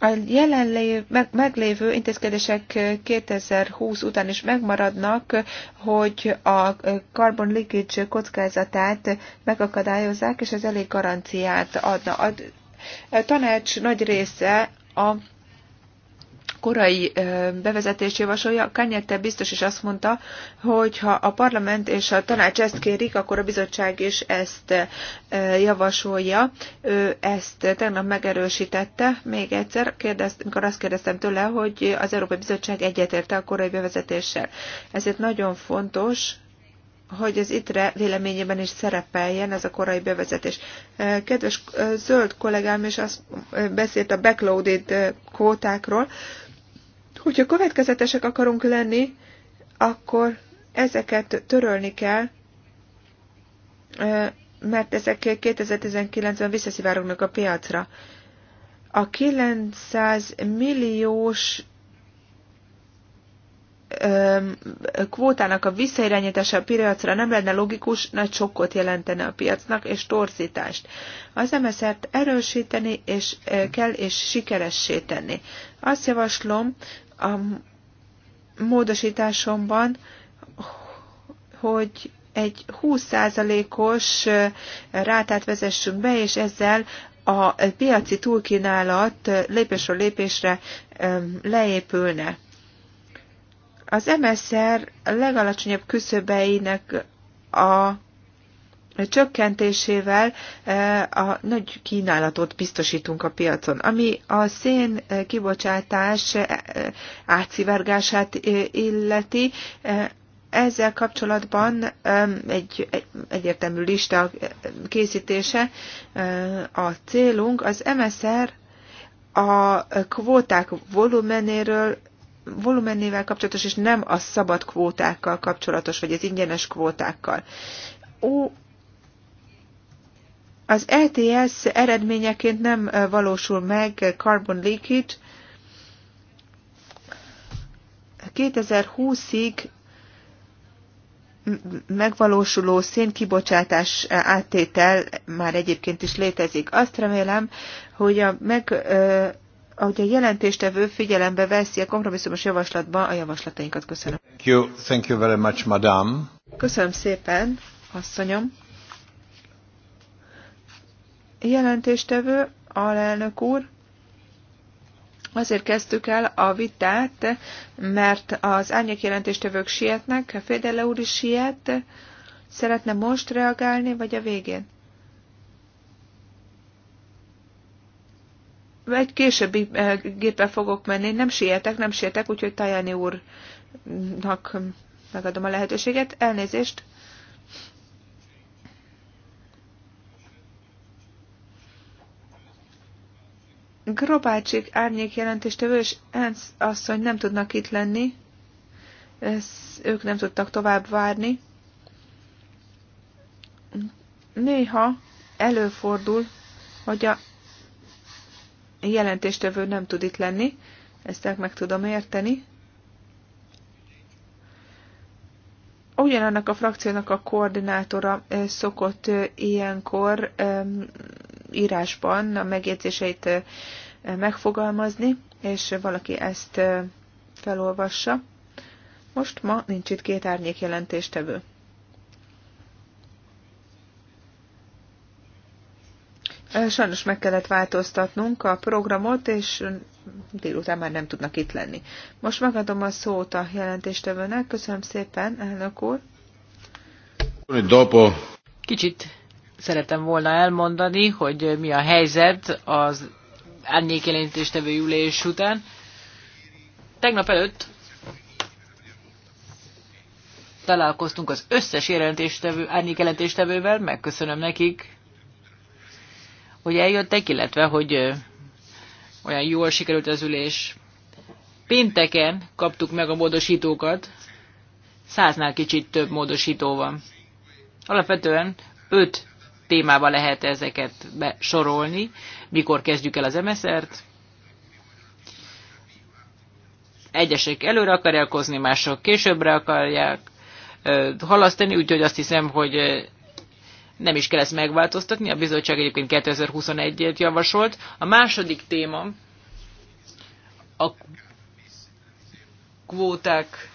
a jelenlév, meg, meglévő intézkedések 2020 után is megmaradnak, hogy a carbon leakage kockázatát megakadályozzák, és ez elég garanciát adna. A tanács nagy része a korai bevezetést javasolja. Kanyette biztos is azt mondta, hogy ha a parlament és a tanács ezt kérik, akkor a bizottság is ezt javasolja. Ő ezt tegnap megerősítette. Még egyszer, kérdez, amikor azt kérdeztem tőle, hogy az Európai Bizottság egyetérte a korai bevezetéssel. Ezért nagyon fontos, hogy az ITRE véleményében is szerepeljen ez a korai bevezetés. Kedves zöld kollégám is azt beszélt a backloaded kvótákról. Hogyha következetesek akarunk lenni, akkor ezeket törölni kell, mert ezek 2019-ben visszaszivárognak a piacra. A 900 milliós kvótának a visszairányítása a piacra nem lenne logikus, nagy sokkot jelentene a piacnak, és torzítást. Az MSZ-t erősíteni és kell, és sikeressé tenni. Azt javaslom, a módosításomban, hogy egy 20%-os rátát vezessünk be, és ezzel a piaci túlkínálat lépésről lépésre leépülne. Az MSZR legalacsonyabb küszöbeinek a csökkentésével e, a nagy kínálatot biztosítunk a piacon, ami a szén e, kibocsátás e, átszivárgását illeti. Ezzel kapcsolatban egy, egyértelmű lista készítése a célunk. Az MSR a kvóták volumenéről volumenével kapcsolatos, és nem a szabad kvótákkal kapcsolatos, vagy az ingyenes kvótákkal. Az ETS eredményeként nem valósul meg carbon leakage. 2020-ig megvalósuló szénkibocsátás áttétel már egyébként is létezik. Azt remélem, hogy a, meg, eh, ahogy a jelentéstevő figyelembe veszi a kompromisszumos javaslatba a javaslatainkat. Köszönöm. Thank you, thank you very much, madam. Köszönöm szépen, asszonyom jelentéstevő, alelnök úr, Azért kezdtük el a vitát, mert az árnyék jelentéstevők sietnek, Fédele úr is siet. Szeretne most reagálni, vagy a végén? Egy későbbi eh, gépe fogok menni, nem sietek, nem sietek, úgyhogy Tajani úrnak megadom a lehetőséget. Elnézést, Grobácsik árnyék jelentéstevő és Ensz asszony nem tudnak itt lenni. Ez, ők nem tudtak tovább várni. Néha előfordul, hogy a jelentéstevő nem tud itt lenni. Ezt meg tudom érteni. ugyanannak a frakciónak a koordinátora szokott ilyenkor írásban a megjegyzéseit megfogalmazni, és valaki ezt felolvassa. Most ma nincs itt két árnyék jelentéstevő. Sajnos meg kellett változtatnunk a programot, és délután már nem tudnak itt lenni. Most megadom a szót a jelentéstevőnek. Köszönöm szépen, elnök úr. Kicsit szeretem volna elmondani, hogy mi a helyzet az árnyékjelentéstevő ülés után. Tegnap előtt találkoztunk az összes jelentéstevő, árnyékjelentéstevővel, megköszönöm nekik, hogy eljöttek, illetve, hogy olyan jól sikerült az ülés. Pénteken kaptuk meg a módosítókat, száznál kicsit több módosító van. Alapvetően öt témába lehet ezeket besorolni, mikor kezdjük el az MSZ-t. Egyesek előre akarják hozni, mások későbbre akarják halasztani, úgyhogy azt hiszem, hogy nem is kell ezt megváltoztatni. A bizottság egyébként 2021-et javasolt. A második téma a kvóták,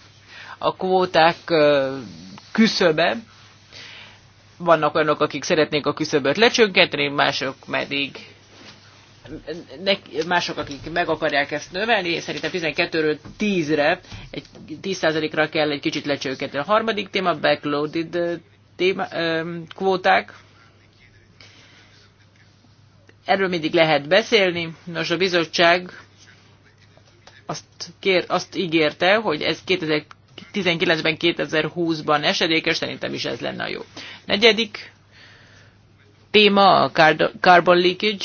a kvóták küszöbe, vannak olyanok, akik szeretnék a küszöböt lecsökkenteni, mások pedig ne, mások, akik meg akarják ezt növelni, szerintem 12-ről 10-re, egy 10%-ra kell egy kicsit lecsökkenteni. A harmadik téma, backloaded téma, kvóták. Erről mindig lehet beszélni. Nos, a bizottság azt, kér, azt ígérte, hogy ez 2019-ben, 2020-ban esedékes, szerintem is ez lenne a jó. Negyedik téma a carbon leakage.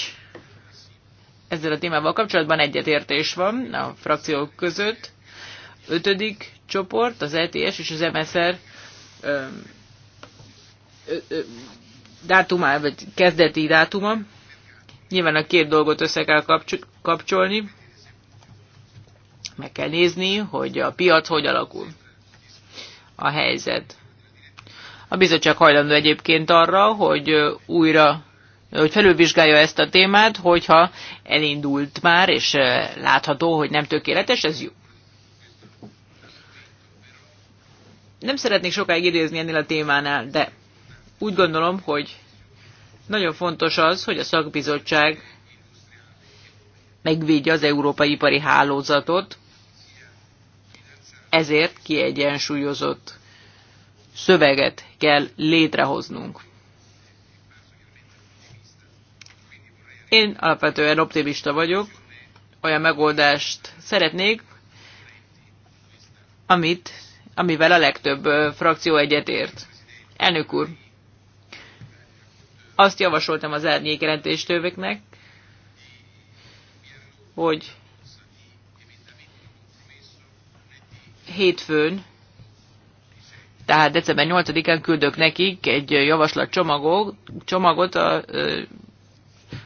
Ezzel a témával kapcsolatban egyetértés van a frakciók között. Ötödik csoport, az ETS és az MSR ö, ö, ö, dátumá, vagy kezdeti dátuma. Nyilván a két dolgot össze kell kapcsolni. Meg kell nézni, hogy a piac hogy alakul a helyzet. A bizottság hajlandó egyébként arra, hogy újra hogy felülvizsgálja ezt a témát, hogyha elindult már, és látható, hogy nem tökéletes, ez jó. Nem szeretnék sokáig idézni ennél a témánál, de úgy gondolom, hogy nagyon fontos az, hogy a szakbizottság megvédje az európai ipari hálózatot, ezért kiegyensúlyozott szöveget kell létrehoznunk. Én alapvetően optimista vagyok, olyan megoldást szeretnék, amit, amivel a legtöbb frakció egyetért. Elnök úr, azt javasoltam az árnyék jelentéstőveknek, hogy hétfőn, tehát december 8-án küldök nekik egy javaslat csomagot, csomagot a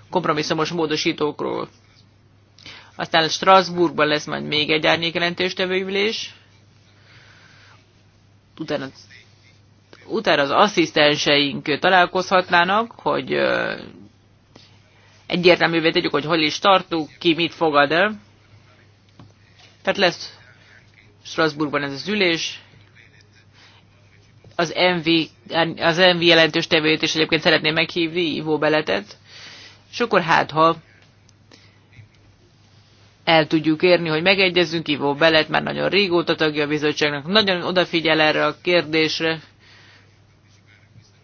kompromisszumos módosítókról. Aztán Strasbourgban lesz majd még egy árnyékjelentéstevő ülés. Utána, utána az asszisztenseink találkozhatnának, hogy egyértelművé tegyük, hogy hol is tartunk, ki mit fogad el. Tehát lesz Strasbourgban ez az ülés. Az MV, az MV jelentős tevőjét is egyébként szeretném meghívni, Ivó Beletet. És akkor hát, ha el tudjuk érni, hogy megegyezzünk, Ivó Belet már nagyon régóta tagja a bizottságnak, nagyon odafigyel erre a kérdésre.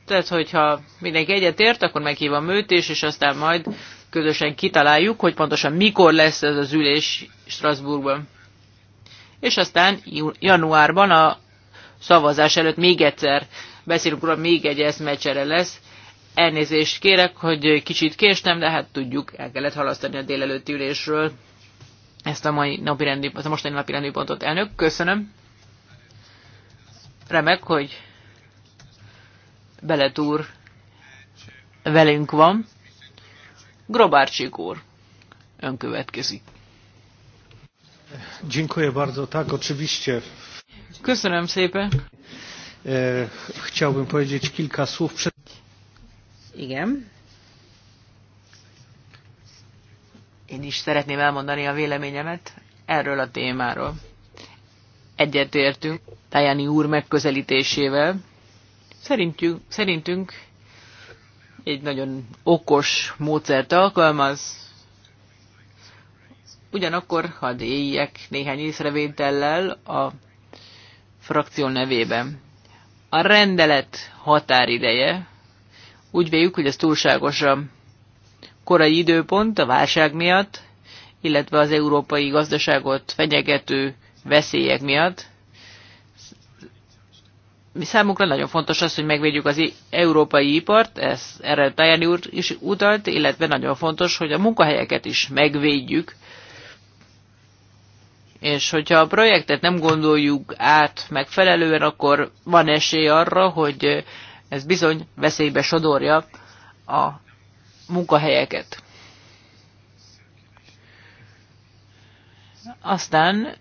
Tehát, hogyha mindenki egyet ért, akkor meghívom őt is, és aztán majd közösen kitaláljuk, hogy pontosan mikor lesz ez az ülés Strasbourgban és aztán januárban a szavazás előtt még egyszer beszélünk róla, még egy eszmecsere lesz. Elnézést kérek, hogy kicsit késtem, de hát tudjuk, el kellett halasztani a délelőtti ülésről ezt a, mai napi rendi, a mostani napi rendi pontot. Elnök, köszönöm. Remek, hogy Beletúr velünk van. Grobárcsik úr, ön következik. Dziękuję bardzo. Tak, oczywiście. Köszönöm szépen. E, chciałbym powiedzieć kilka słów przed... Igen. Én is szeretném elmondani a véleményemet erről a témáról. Egyetértünk Tajani úr megközelítésével. Szerintünk, szerintünk egy nagyon okos módszert alkalmaz, Ugyanakkor hadd éljek néhány észrevétellel a frakció nevében. A rendelet határideje, úgy véljük, hogy ez túlságosan korai időpont a válság miatt, illetve az európai gazdaságot fenyegető veszélyek miatt. Mi számunkra nagyon fontos az, hogy megvédjük az európai ipart, ez erre Tajani úr is utalt, illetve nagyon fontos, hogy a munkahelyeket is megvédjük és hogyha a projektet nem gondoljuk át megfelelően, akkor van esély arra, hogy ez bizony veszélybe sodorja a munkahelyeket. Aztán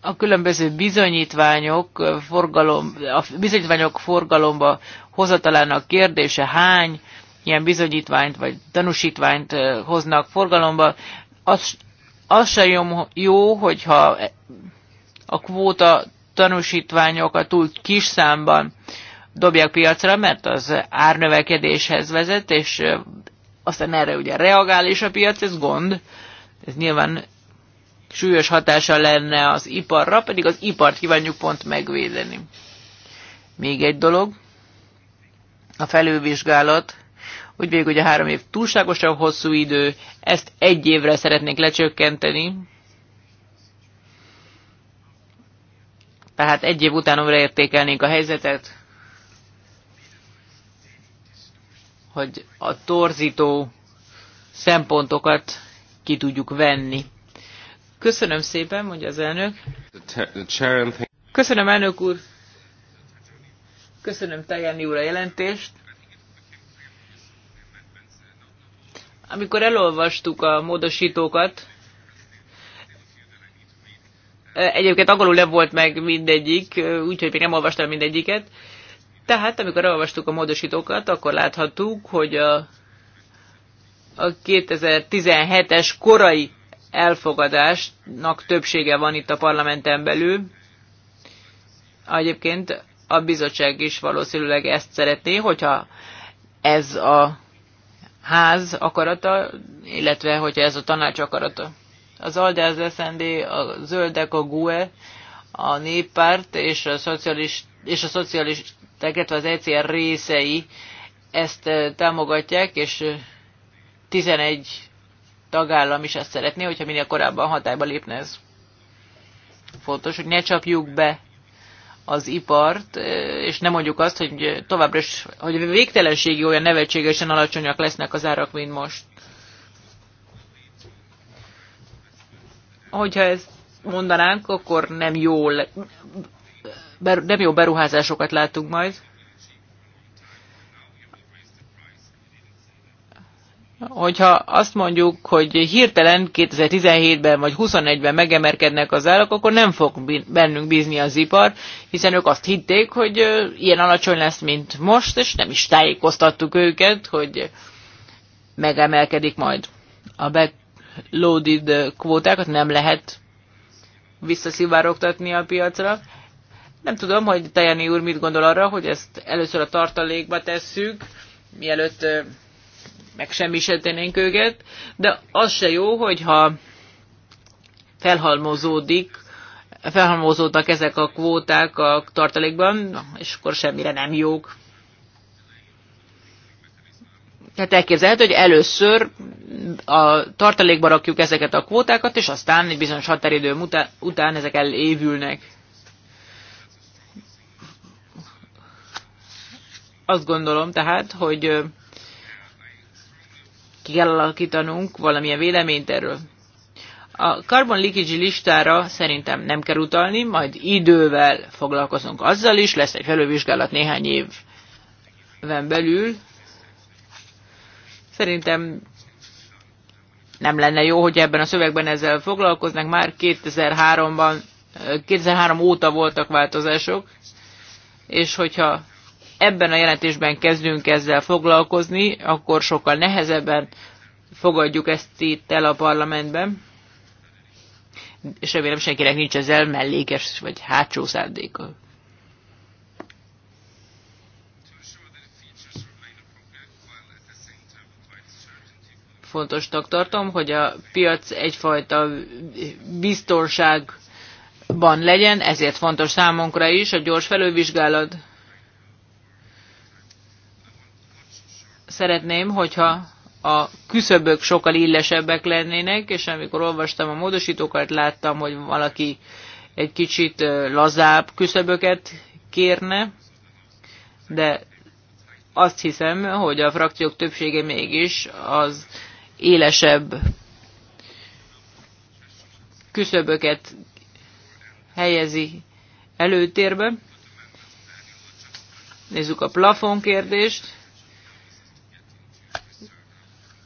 a különböző bizonyítványok, forgalom, a bizonyítványok forgalomba hozatalának kérdése, hány ilyen bizonyítványt vagy tanúsítványt eh, hoznak forgalomba, az az se jó, hogyha a kvóta tanúsítványokat túl kis számban dobják piacra, mert az árnövekedéshez vezet, és aztán erre ugye reagál is a piac, ez gond. Ez nyilván súlyos hatása lenne az iparra, pedig az ipart kívánjuk pont megvédeni. Még egy dolog, a felülvizsgálat úgy hogy ugye három év túlságosan hosszú idő, ezt egy évre szeretnék lecsökkenteni. Tehát egy év után újra értékelnénk a helyzetet, hogy a torzító szempontokat ki tudjuk venni. Köszönöm szépen, mondja az elnök. Köszönöm, elnök úr. Köszönöm Tajani úr a jelentést. Amikor elolvastuk a módosítókat, egyébként angolul nem volt meg mindegyik, úgyhogy még nem olvastam mindegyiket, tehát amikor elolvastuk a módosítókat, akkor láthattuk, hogy a, a 2017-es korai elfogadásnak többsége van itt a parlamenten belül. Egyébként a bizottság is valószínűleg ezt szeretné, hogyha ez a ház akarata, illetve hogyha ez a tanács akarata. Az ALDE, az SND, a Zöldek, a GUE, a Néppárt és a, szocialist, és a szocialisták, illetve az ECR részei ezt támogatják, és 11 tagállam is ezt szeretné, hogyha minél korábban hatályba lépne ez. Fontos, hogy ne csapjuk be az ipart, és nem mondjuk azt, hogy továbbra is, hogy végtelenségi olyan nevetségesen alacsonyak lesznek az árak, mint most. Hogyha ezt mondanánk, akkor nem jó, nem jó beruházásokat látunk majd. hogyha azt mondjuk, hogy hirtelen 2017-ben vagy 21-ben megemerkednek az árak, akkor nem fog bennünk bízni az ipar, hiszen ők azt hitték, hogy ilyen alacsony lesz, mint most, és nem is tájékoztattuk őket, hogy megemelkedik majd. A backloaded kvótákat nem lehet visszaszivárogtatni a piacra. Nem tudom, hogy Tajani úr mit gondol arra, hogy ezt először a tartalékba tesszük, mielőtt megsemmisítenénk őket, de az se jó, hogyha felhalmozódik, felhalmozódnak ezek a kvóták a tartalékban, és akkor semmire nem jók. Tehát elképzelhető, hogy először a tartalékba rakjuk ezeket a kvótákat, és aztán egy bizonyos határidő után ezek elévülnek. Azt gondolom tehát, hogy ki kell alakítanunk valamilyen véleményt erről. A carbon leakage listára szerintem nem kell utalni, majd idővel foglalkozunk azzal is, lesz egy felülvizsgálat néhány évben belül. Szerintem nem lenne jó, hogy ebben a szövegben ezzel foglalkoznak. Már 2003-ban, 2003 óta voltak változások, és hogyha ebben a jelentésben kezdünk ezzel foglalkozni, akkor sokkal nehezebben fogadjuk ezt itt el a parlamentben. És remélem senkinek nincs ezzel mellékes vagy hátsó szándéka. Fontosnak tartom, hogy a piac egyfajta biztonságban legyen, ezért fontos számunkra is a gyors felővizsgálat, szeretném, hogyha a küszöbök sokkal illesebbek lennének, és amikor olvastam a módosítókat, láttam, hogy valaki egy kicsit lazább küszöböket kérne, de azt hiszem, hogy a frakciók többsége mégis az élesebb küszöböket helyezi előtérbe. Nézzük a plafon kérdést.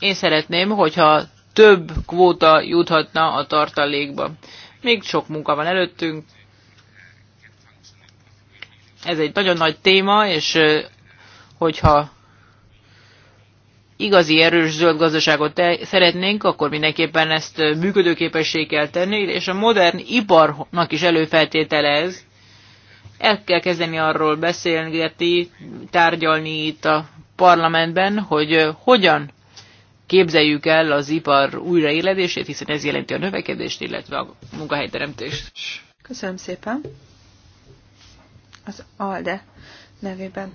Én szeretném, hogyha több kvóta juthatna a tartalékba. Még sok munka van előttünk. Ez egy nagyon nagy téma, és hogyha igazi erős zöld gazdaságot szeretnénk, akkor mindenképpen ezt működőképessé kell tenni, és a modern iparnak is előfeltétele ez. El kell kezdeni arról beszélgetni, tárgyalni itt a parlamentben, hogy hogyan képzeljük el az ipar újraéledését, hiszen ez jelenti a növekedést, illetve a munkahelyteremtést. Köszönöm szépen. Az ALDE nevében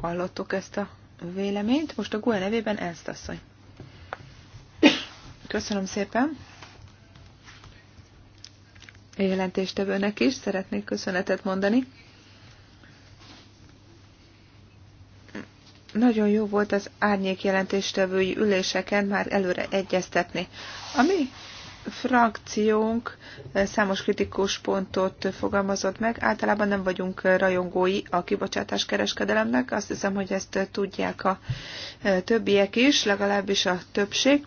hallottuk ezt a véleményt, most a GUE nevében ezt asszony. Köszönöm szépen. Jelentéstevőnek is szeretnék köszönetet mondani Nagyon jó volt az árnyék jelentéstevői üléseken már előre egyeztetni. A mi frakciónk eh, számos kritikus pontot fogalmazott meg. Általában nem vagyunk rajongói a kibocsátás kereskedelemnek. Azt hiszem, hogy ezt tudják a eh, többiek is, legalábbis a többség.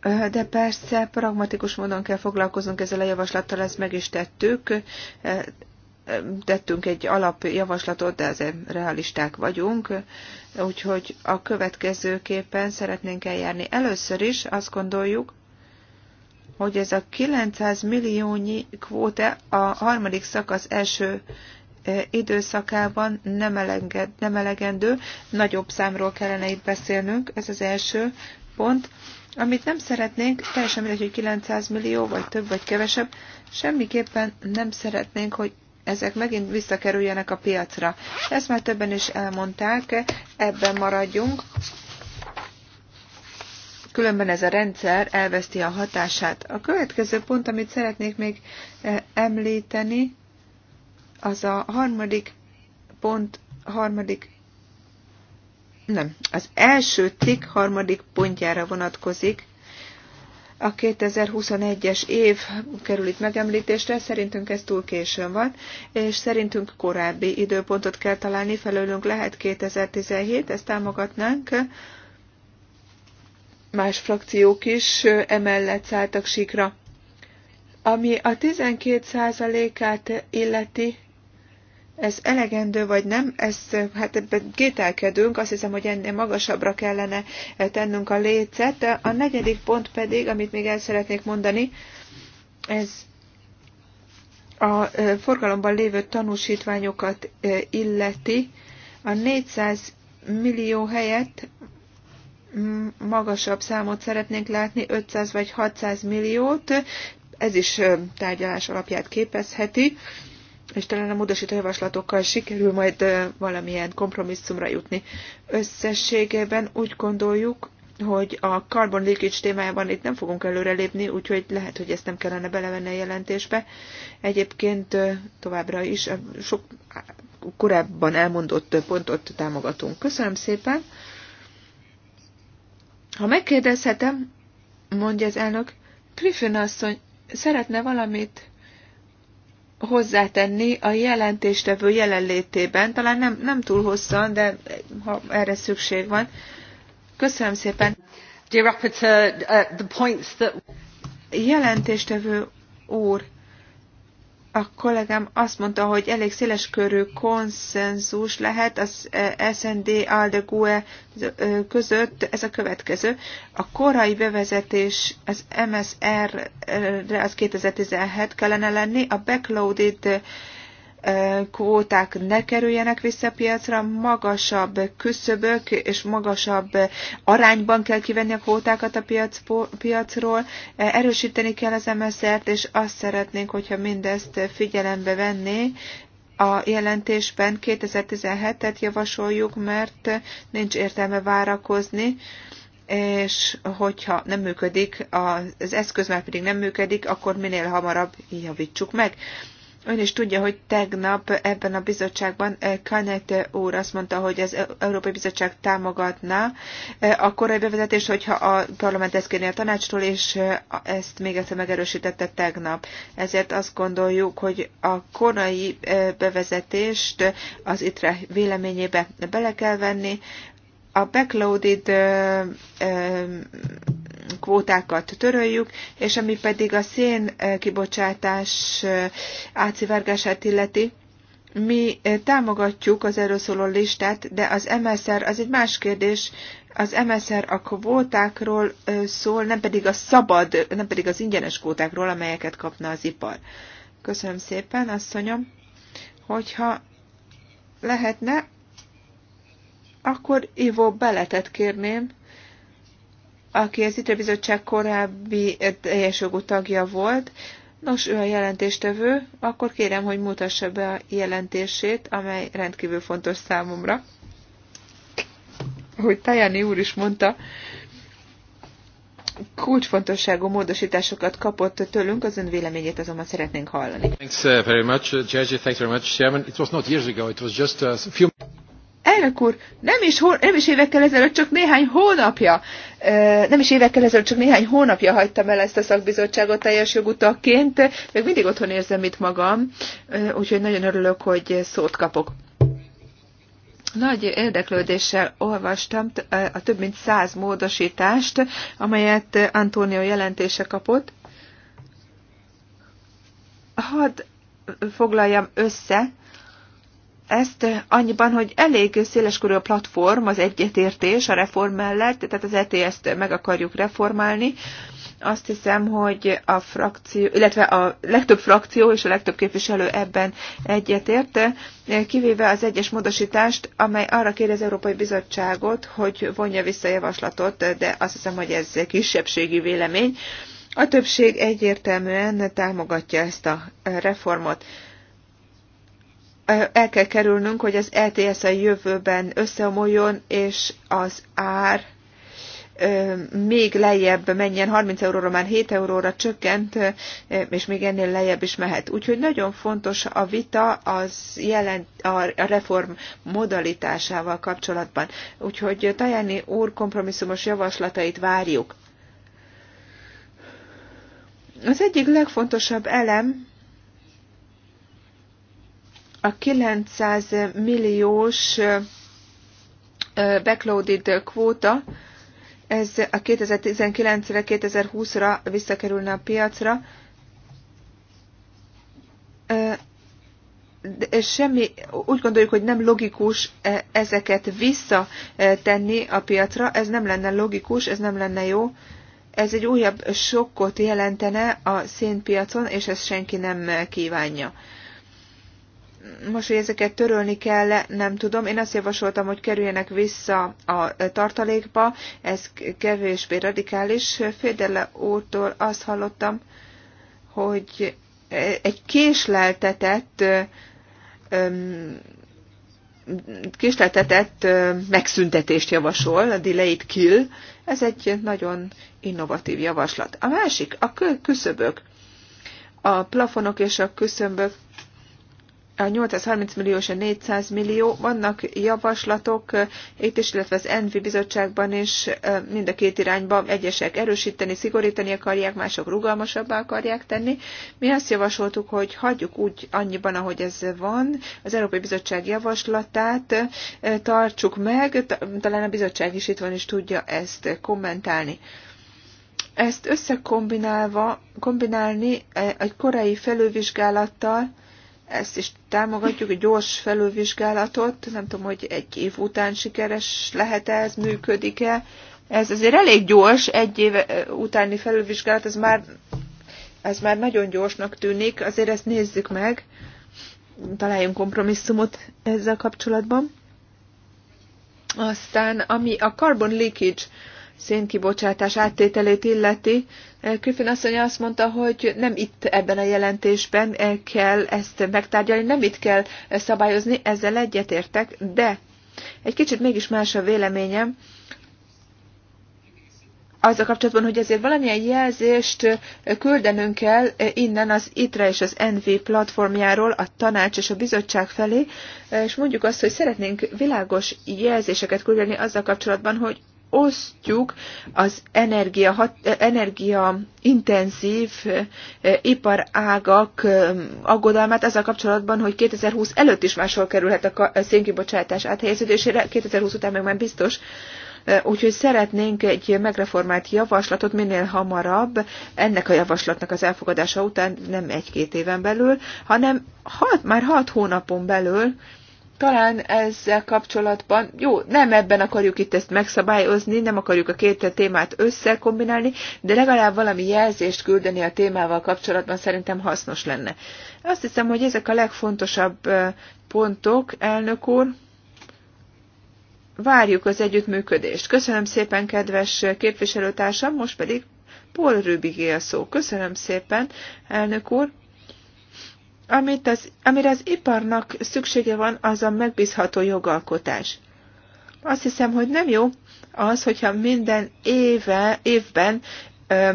Eh, de persze pragmatikus módon kell foglalkoznunk ezzel a javaslattal, ezt meg is tettük tettünk egy alapjavaslatot, de azért realisták vagyunk, úgyhogy a következőképpen szeretnénk eljárni. Először is azt gondoljuk, hogy ez a 900 milliónyi kvóta a harmadik szakasz első e, időszakában nem, elenged, nem elegendő, nagyobb számról kellene itt beszélnünk, ez az első pont. Amit nem szeretnénk, teljesen mindegy, hogy 900 millió, vagy több, vagy kevesebb, semmiképpen nem szeretnénk, hogy ezek megint visszakerüljenek a piacra. Ezt már többen is elmondták, ebben maradjunk. Különben ez a rendszer elveszti a hatását. A következő pont, amit szeretnék még e, említeni, az a harmadik pont, harmadik nem, az első cikk harmadik pontjára vonatkozik, a 2021-es év kerül itt megemlítésre, szerintünk ez túl későn van, és szerintünk korábbi időpontot kell találni, felőlünk lehet 2017, ezt támogatnánk. Más frakciók is emellett szálltak sikra. Ami a 12%-át illeti, ez elegendő vagy nem, ez, hát ebben kételkedünk, azt hiszem, hogy ennél magasabbra kellene tennünk a lécet. A negyedik pont pedig, amit még el szeretnék mondani, ez a forgalomban lévő tanúsítványokat illeti. A 400 millió helyett mm, magasabb számot szeretnénk látni, 500 vagy 600 milliót, ez is tárgyalás alapját képezheti és talán a módosító javaslatokkal sikerül majd valamilyen kompromisszumra jutni. Összességében úgy gondoljuk, hogy a carbon leakage témájában itt nem fogunk előrelépni, úgyhogy lehet, hogy ezt nem kellene belevenni a jelentésbe. Egyébként továbbra is sok korábban elmondott pontot támogatunk. Köszönöm szépen. Ha megkérdezhetem, mondja az elnök, Griffin asszony szeretne valamit hozzátenni a jelentéstevő jelenlétében, talán nem, nem túl hosszan, de ha erre szükség van. Köszönöm szépen. Dear Rapporteur, uh, the points that... Jelentéstevő úr, a kollégám azt mondta, hogy elég széleskörű konszenzus lehet az e, SND, ALDE, GUE között. Ez a következő. A korai bevezetés az MSR-re az 2017 kellene lenni, a backloaded kvóták ne kerüljenek vissza piacra, magasabb küszöbök és magasabb arányban kell kivenni a kvótákat a piac, piacról, erősíteni kell az MSZ-t, és azt szeretnénk, hogyha mindezt figyelembe venné, a jelentésben 2017-et javasoljuk, mert nincs értelme várakozni, és hogyha nem működik, az eszköz már pedig nem működik, akkor minél hamarabb javítsuk meg. Ön is tudja, hogy tegnap ebben a bizottságban eh, Kanet eh, úr azt mondta, hogy az e- Európai Bizottság támogatná eh, a korai bevezetést, hogyha a parlament ezt kérné a tanácstól, és ezt még egyszer megerősítette tegnap. Ezért azt gondoljuk, hogy a korai bevezetést az ITRE véleményébe bele kell venni, a backloaded kvótákat töröljük, és ami pedig a szén kibocsátás átszivárgását illeti, mi támogatjuk az erről szóló listát, de az MSR az egy más kérdés. Az MSR a kvótákról szól, nem pedig a szabad, nem pedig az ingyenes kvótákról, amelyeket kapna az ipar. Köszönöm szépen, asszonyom. Hogyha lehetne, akkor Ivo Beletet kérném, aki az ITRE Bizottság korábbi teljesjogú tagja volt, Nos, ő a jelentéstevő, akkor kérem, hogy mutassa be a jelentését, amely rendkívül fontos számomra. Ahogy Tajani úr is mondta, kulcsfontosságú módosításokat kapott tőlünk, az ön véleményét azonban szeretnénk hallani. Thanks uh, very much, uh, Gergely, Thanks very much, Chairman. It was not years ago, it was just uh, a few... Elnök úr, nem is, nem is évekkel ezelőtt, csak néhány hónapja, nem is évekkel ezelőtt, csak néhány hónapja hagytam el ezt a szakbizottságot teljes jogutaként. Még mindig otthon érzem itt magam, úgyhogy nagyon örülök, hogy szót kapok. Nagy érdeklődéssel olvastam a több mint száz módosítást, amelyet Antonio jelentése kapott. Hadd foglaljam össze ezt annyiban, hogy elég széleskörű a platform, az egyetértés a reform mellett, tehát az ETS-t meg akarjuk reformálni. Azt hiszem, hogy a frakció, illetve a legtöbb frakció és a legtöbb képviselő ebben egyetért, kivéve az egyes módosítást, amely arra kér az Európai Bizottságot, hogy vonja vissza javaslatot, de azt hiszem, hogy ez kisebbségi vélemény. A többség egyértelműen támogatja ezt a reformot el kell kerülnünk, hogy az ETS a jövőben összeomoljon, és az ár még lejjebb menjen, 30 euróra már 7 euróra csökkent, és még ennél lejjebb is mehet. Úgyhogy nagyon fontos a vita az jelent, a reform modalitásával kapcsolatban. Úgyhogy Tajani úr kompromisszumos javaslatait várjuk. Az egyik legfontosabb elem, a 900 milliós backloaded kvóta, ez a 2019-re, 2020-ra visszakerülne a piacra. De semmi, úgy gondoljuk, hogy nem logikus ezeket visszatenni a piacra, ez nem lenne logikus, ez nem lenne jó. Ez egy újabb sokkot jelentene a szénpiacon, és ezt senki nem kívánja most, hogy ezeket törölni kell, nem tudom. Én azt javasoltam, hogy kerüljenek vissza a tartalékba, ez kevésbé radikális. Fédele úrtól azt hallottam, hogy egy késleltetett késleltetett megszüntetést javasol, a delayed kill. Ez egy nagyon innovatív javaslat. A másik, a küszöbök. A plafonok és a küszöbök a 830 millió és a 400 millió. Vannak javaslatok eh, itt is, illetve az ENVI bizottságban is eh, mind a két irányba egyesek erősíteni, szigorítani akarják, mások rugalmasabbá akarják tenni. Mi azt javasoltuk, hogy hagyjuk úgy annyiban, ahogy ez van, az Európai Bizottság javaslatát eh, tartsuk meg, talán a bizottság is itt van és tudja ezt kommentálni. Ezt összekombinálva, kombinálni egy korai felővizsgálattal, ezt is támogatjuk, a gyors felülvizsgálatot, nem tudom, hogy egy év után sikeres lehet -e, ez, működik-e. Ez azért elég gyors, egy év utáni felülvizsgálat, ez már, ez már nagyon gyorsnak tűnik, azért ezt nézzük meg, találjunk kompromisszumot ezzel kapcsolatban. Aztán, ami a carbon leakage, szénkibocsátás áttételét illeti. Eh, Griffin asszony azt mondta, hogy nem itt ebben a jelentésben eh, kell ezt megtárgyalni, nem itt kell szabályozni, ezzel egyetértek, de egy kicsit mégis más a véleményem, azzal kapcsolatban, hogy ezért valamilyen jelzést eh, küldenünk kell innen az ITRA e és az NV platformjáról a tanács és a bizottság felé, és mondjuk azt, hogy szeretnénk világos jelzéseket küldeni azzal kapcsolatban, hogy osztjuk az energia, hat, energia intenzív e, iparágak e, aggodalmát azzal kapcsolatban, hogy 2020 előtt is máshol kerülhet a szénkibocsátás áthelyeződésére, 2020 után meg már biztos, e, Úgyhogy szeretnénk egy megreformált javaslatot minél hamarabb, ennek a javaslatnak az elfogadása után nem egy-két éven belül, hanem hat, már hat hónapon belül, talán ezzel kapcsolatban, jó, nem ebben akarjuk itt ezt megszabályozni, nem akarjuk a két témát összekombinálni, de legalább valami jelzést küldeni a témával kapcsolatban szerintem hasznos lenne. Azt hiszem, hogy ezek a legfontosabb pontok, elnök úr. Várjuk az együttműködést. Köszönöm szépen, kedves képviselőtársam, most pedig Paul Rübigé a szó. Köszönöm szépen, elnök úr. Amit az, amire az iparnak szüksége van, az a megbízható jogalkotás. Azt hiszem, hogy nem jó az, hogyha minden éve, évben ö,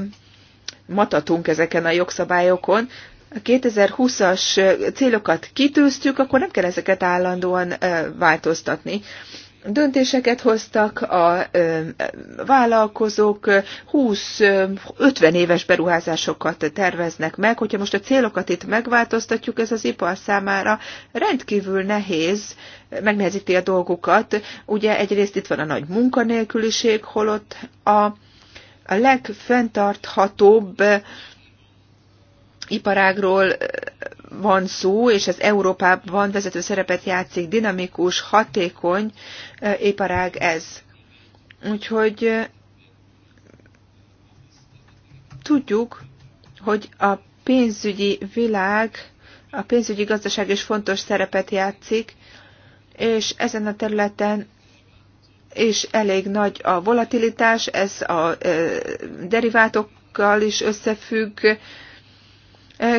matatunk ezeken a jogszabályokon, a 2020-as célokat kitűztük, akkor nem kell ezeket állandóan változtatni döntéseket hoztak a vállalkozók, 20-50 éves beruházásokat terveznek meg. Hogyha most a célokat itt megváltoztatjuk, ez az ipar számára rendkívül nehéz, megnehezíti a dolgukat. Ugye egyrészt itt van a nagy munkanélküliség, holott a, a legfenntarthatóbb iparágról van szó, és ez Európában vezető szerepet játszik, dinamikus, hatékony iparág ez. Úgyhogy tudjuk, hogy a pénzügyi világ, a pénzügyi gazdaság is fontos szerepet játszik, és ezen a területen és elég nagy a volatilitás, ez a derivátokkal is összefügg,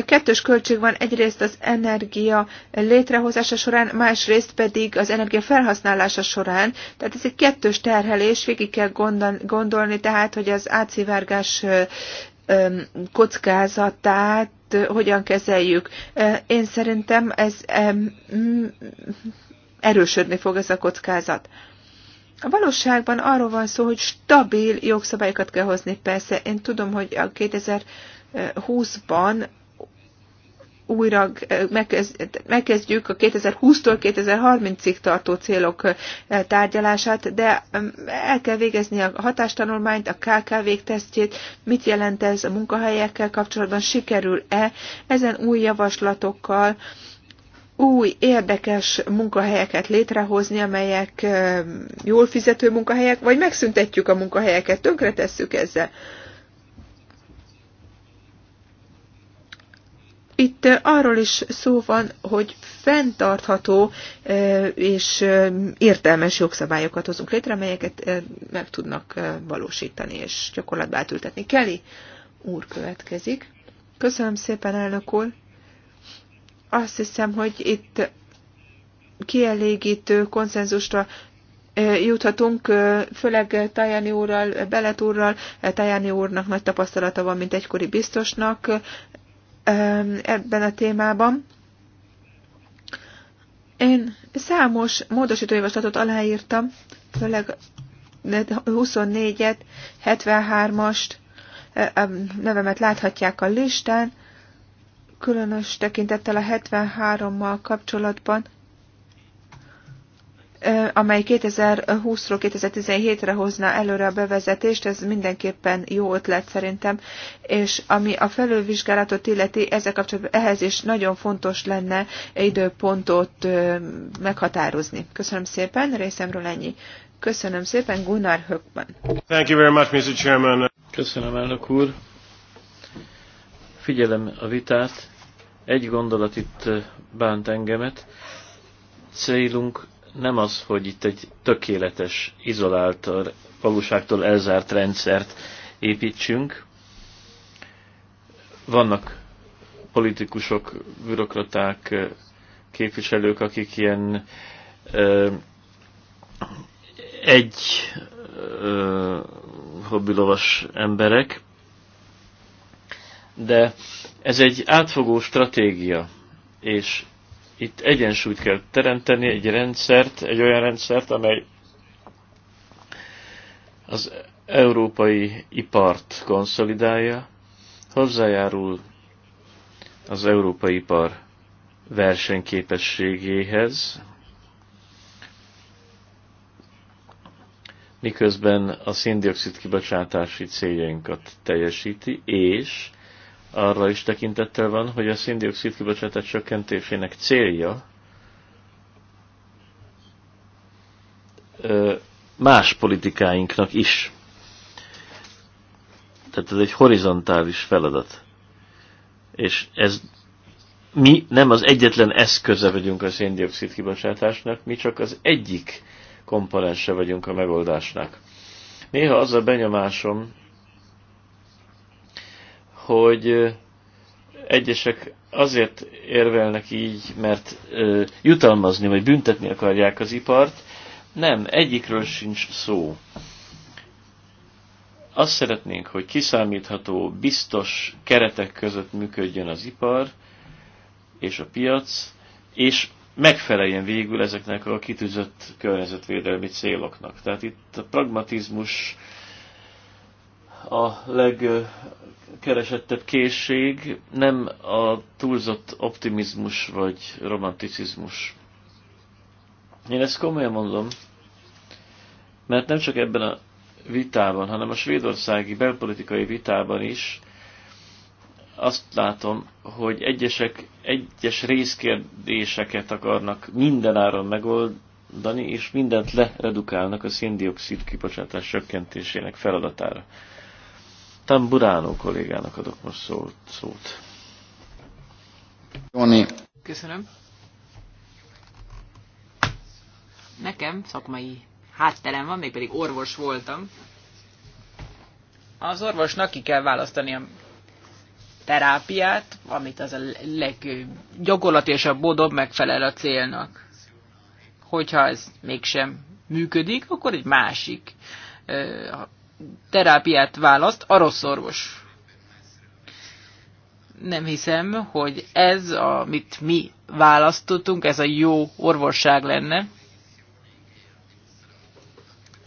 Kettős költség van egyrészt az energia létrehozása során, másrészt pedig az energia felhasználása során. Tehát ez egy kettős terhelés, végig kell gondolni, tehát hogy az átszivárgás kockázatát hogyan kezeljük. Én szerintem ez erősödni fog ez a kockázat. A valóságban arról van szó, hogy stabil jogszabályokat kell hozni. Persze, én tudom, hogy a 2020-ban újra megkezdjük a 2020-tól 2030-ig tartó célok tárgyalását, de el kell végezni a hatástanulmányt, a kkv tesztjét, mit jelent ez a munkahelyekkel kapcsolatban, sikerül-e ezen új javaslatokkal, új, érdekes munkahelyeket létrehozni, amelyek jól fizető munkahelyek, vagy megszüntetjük a munkahelyeket, tönkretesszük ezzel. Itt arról is szó van, hogy fenntartható és értelmes jogszabályokat hozunk létre, melyeket meg tudnak valósítani és gyakorlatba átültetni. Kelly úr következik. Köszönöm szépen, elnök úr. Azt hiszem, hogy itt kielégítő konszenzusra juthatunk, főleg Tajani úrral, Belet úrral. Tajani úrnak nagy tapasztalata van, mint egykori biztosnak ebben a témában. Én számos módosítójavaslatot aláírtam, főleg 24-et, 73-ast, nevemet láthatják a listán, különös tekintettel a 73-mal kapcsolatban amely 2020-ról 2017-re hozna előre a bevezetést, ez mindenképpen jó ötlet szerintem, és ami a felülvizsgálatot illeti, ezzel kapcsolatban ehhez is nagyon fontos lenne időpontot meghatározni. Köszönöm szépen, részemről ennyi. Köszönöm szépen, Gunnar Höckman. Thank you very much, Mr. Chairman. Köszönöm, elnök úr. Figyelem a vitát. Egy gondolat itt bánt engemet. Célunk nem az, hogy itt egy tökéletes, izolált, valóságtól elzárt rendszert építsünk. Vannak politikusok, bürokraták, képviselők, akik ilyen ö, egy hobbilovas emberek, de ez egy átfogó stratégia, és itt egyensúlyt kell teremteni, egy rendszert, egy olyan rendszert, amely az európai ipart konszolidálja, hozzájárul az európai ipar versenyképességéhez, miközben a széndiokszid kibocsátási céljainkat teljesíti, és arra is tekintettel van, hogy a széndiokszid kibocsátás csökkentésének célja más politikáinknak is. Tehát ez egy horizontális feladat. És ez mi nem az egyetlen eszköze vagyunk a széndiokszid kibocsátásnak, mi csak az egyik komponense vagyunk a megoldásnak. Néha az a benyomásom, hogy egyesek azért érvelnek így, mert jutalmazni vagy büntetni akarják az ipart. Nem, egyikről sincs szó. Azt szeretnénk, hogy kiszámítható, biztos keretek között működjön az ipar és a piac, és megfeleljen végül ezeknek a kitűzött környezetvédelmi céloknak. Tehát itt a pragmatizmus a legkeresettebb készség nem a túlzott optimizmus vagy romanticizmus. Én ezt komolyan mondom, mert nem csak ebben a vitában, hanem a svédországi belpolitikai vitában is azt látom, hogy egyesek egyes részkérdéseket akarnak mindenáron megoldani, és mindent leredukálnak a széndiokszid kibocsátás csökkentésének feladatára. Tamburánó kollégának adok most szót. szót. Jóni. Köszönöm. Nekem szakmai hátterem van, mégpedig orvos voltam. Az orvosnak ki kell választani a terápiát, amit az a leggyakorlatilasabb módon megfelel a célnak. Hogyha ez mégsem működik, akkor egy másik terápiát választ a rossz orvos. Nem hiszem, hogy ez, amit mi választottunk, ez a jó orvosság lenne.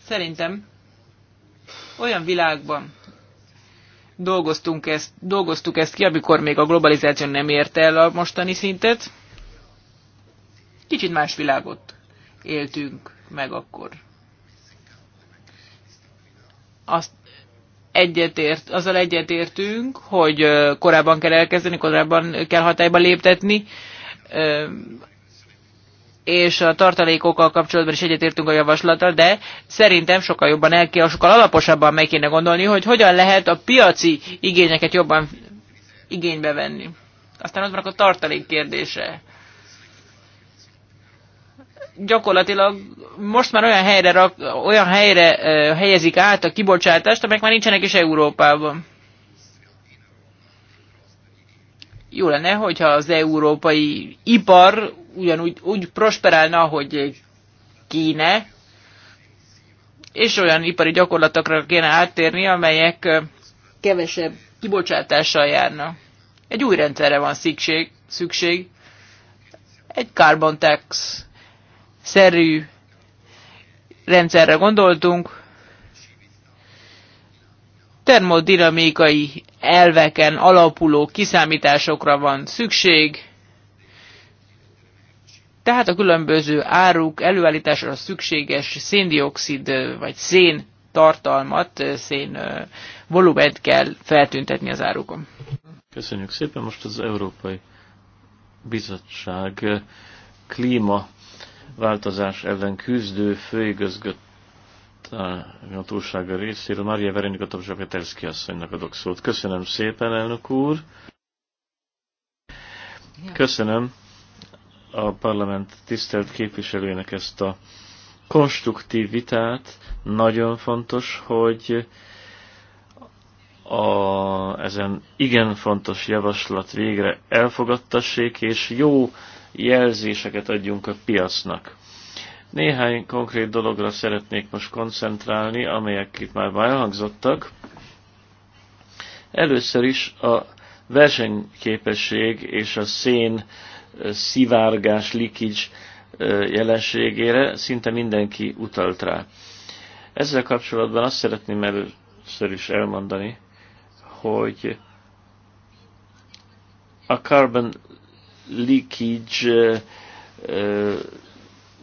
Szerintem olyan világban dolgoztunk ezt, dolgoztuk ezt ki, amikor még a globalizáció nem érte el a mostani szintet. Kicsit más világot éltünk meg akkor azt egyetért, azzal egyetértünk, hogy korábban kell elkezdeni, korábban kell hatályba léptetni, és a tartalékokkal kapcsolatban is egyetértünk a javaslattal, de szerintem sokkal jobban el kell, sokkal alaposabban meg kéne gondolni, hogy hogyan lehet a piaci igényeket jobban igénybe venni. Aztán ott van a tartalék kérdése gyakorlatilag most már olyan helyre, rak, olyan helyre helyezik át a kibocsátást, amelyek már nincsenek is Európában. Jó lenne, hogyha az európai ipar ugyanúgy úgy prosperálna, hogy kéne, és olyan ipari gyakorlatokra kéne áttérni, amelyek kevesebb kibocsátással járnak. Egy új rendszerre van szükség, szükség egy carbon tax szerű rendszerre gondoltunk, termodinamikai elveken alapuló kiszámításokra van szükség, tehát a különböző áruk előállításra szükséges széndiokszid vagy szén tartalmat, szén volument kell feltüntetni az árukon. Köszönjük szépen, most az Európai Bizottság klíma változás ellen küzdő hatósága részéről Maria Verenika Topzsa-Petelszki asszonynak adok szót. Köszönöm szépen, elnök úr! Köszönöm a parlament tisztelt képviselőjének ezt a konstruktív vitát. Nagyon fontos, hogy a, ezen igen fontos javaslat végre elfogadtassék, és jó jelzéseket adjunk a piacnak. Néhány konkrét dologra szeretnék most koncentrálni, amelyek itt már elhangzottak. Először is a versenyképesség és a szén szivárgás, likics jelenségére szinte mindenki utalt rá. Ezzel kapcsolatban azt szeretném először is elmondani, hogy a carbon leakage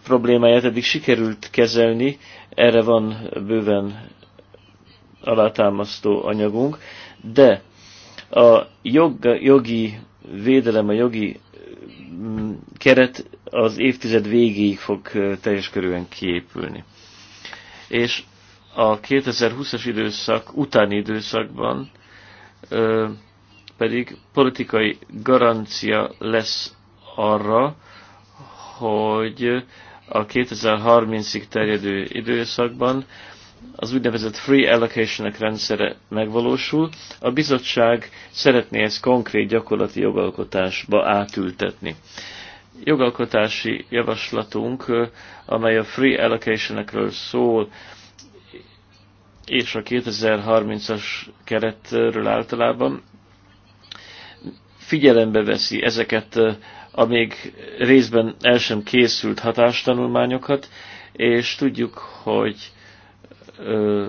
problémáját eddig sikerült kezelni, erre van bőven alátámasztó anyagunk, de a jog, jogi védelem, a jogi mm, keret az évtized végéig fog teljes körülön kiépülni. És a 2020-as időszak utáni időszakban pedig politikai garancia lesz arra, hogy a 2030-ig terjedő időszakban az úgynevezett free allocation rendszere megvalósul. A bizottság szeretné ezt konkrét gyakorlati jogalkotásba átültetni. Jogalkotási javaslatunk, amely a free allocation szól, és a 2030-as keretről általában figyelembe veszi ezeket a még részben el sem készült hatástanulmányokat, és tudjuk, hogy ö,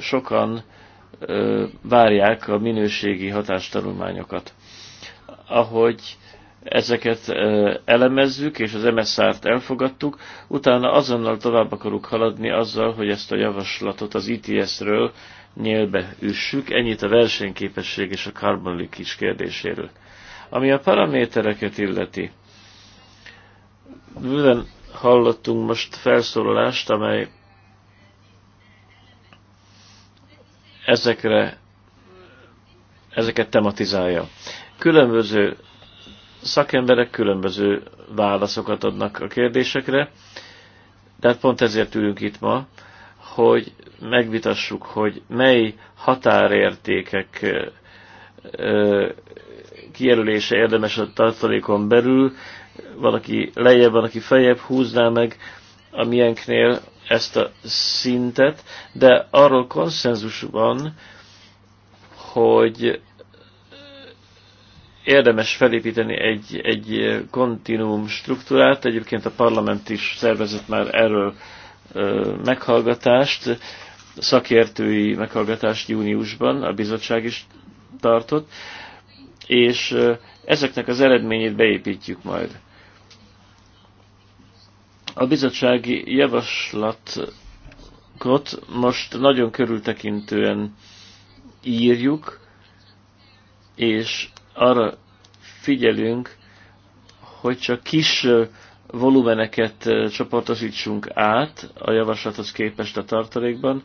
sokan ö, várják a minőségi hatástanulmányokat. Ahogy ezeket ö, elemezzük, és az MSZ-t elfogadtuk, utána azonnal tovább akarunk haladni azzal, hogy ezt a javaslatot az ITS-ről nyélbe üssük. Ennyit a versenyképesség és a karbonlik is kérdéséről. Ami a paramétereket illeti, bőven hallottunk most felszólalást, amely ezekre, ezeket tematizálja. Különböző szakemberek különböző válaszokat adnak a kérdésekre, de hát pont ezért ülünk itt ma, hogy megvitassuk, hogy mely határértékek kijelölése érdemes a tartalékon belül, valaki lejjebb, van, aki feljebb húzná meg a milyenknél ezt a szintet, de arról konszenzus van, hogy érdemes felépíteni egy, egy kontinuum struktúrát, egyébként a parlament is szervezett már erről meghallgatást, szakértői meghallgatást júniusban a bizottság is tartott, és ezeknek az eredményét beépítjük majd. A bizottsági javaslatot most nagyon körültekintően írjuk, és arra figyelünk, hogy csak kis volumeneket csoportosítsunk át a javaslathoz képest a tartalékban,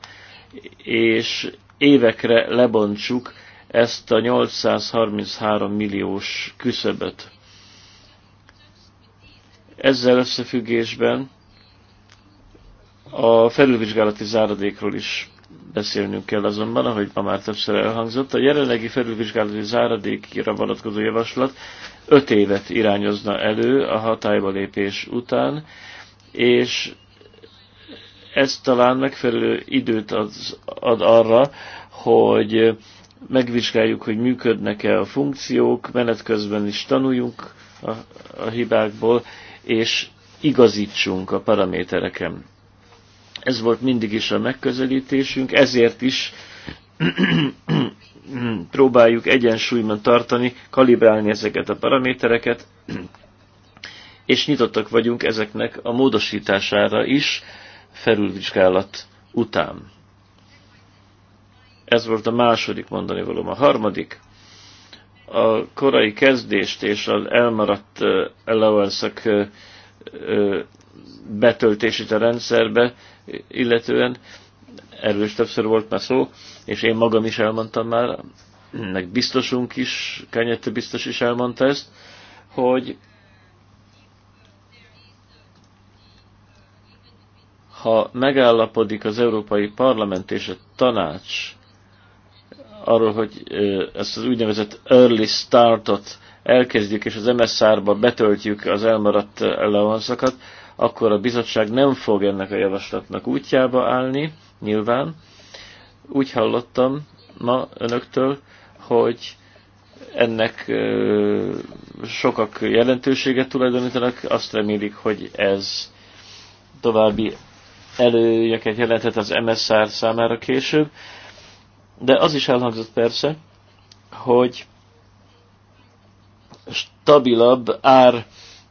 és évekre lebontsuk ezt a 833 milliós küszöböt. Ezzel összefüggésben a felülvizsgálati záradékról is beszélnünk kell azonban, ahogy ma már többször elhangzott, a jelenlegi felülvizsgálati záradékira vonatkozó javaslat öt évet irányozna elő a hatályba lépés után, és ez talán megfelelő időt ad, ad arra, hogy megvizsgáljuk, hogy működnek-e a funkciók, menet közben is tanuljunk a, a hibákból, és igazítsunk a paramétereken. Ez volt mindig is a megközelítésünk, ezért is próbáljuk egyensúlyban tartani, kalibrálni ezeket a paramétereket, és nyitottak vagyunk ezeknek a módosítására is felülvizsgálat után. Ez volt a második mondani való. A harmadik, a korai kezdést és az elmaradt eh, allowance eh, eh, betöltését a rendszerbe illetően, erről is többször volt már szó, és én magam is elmondtam már, meg biztosunk is, Kenyette biztos is elmondta ezt, hogy ha megállapodik az Európai Parlament és a tanács arról, hogy ezt az úgynevezett early startot elkezdjük, és az MSR-ba betöltjük az elmaradt allowance akkor a bizottság nem fog ennek a javaslatnak útjába állni, nyilván. Úgy hallottam ma önöktől, hogy ennek sokak jelentőséget tulajdonítanak, azt remélik, hogy ez további előjöket jelenthet az MSR számára később. De az is elhangzott persze, hogy stabilabb ár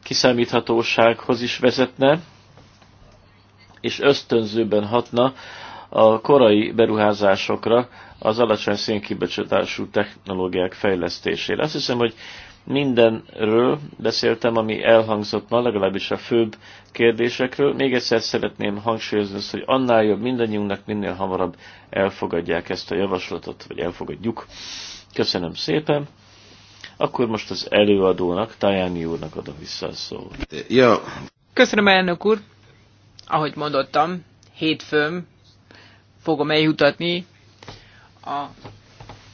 kiszámíthatósághoz is vezetne, és ösztönzőben hatna a korai beruházásokra, az alacsony szénkibocsátású technológiák fejlesztésére. Azt hiszem, hogy mindenről beszéltem, ami elhangzott ma, legalábbis a főbb kérdésekről. Még egyszer szeretném hangsúlyozni azt, hogy annál jobb mindannyiunknak minél hamarabb elfogadják ezt a javaslatot, vagy elfogadjuk. Köszönöm szépen! Akkor most az előadónak, Tajáni úrnak adom vissza a szót. Ja. Köszönöm, elnök úr. Ahogy mondottam, hétfőn fogom eljutatni a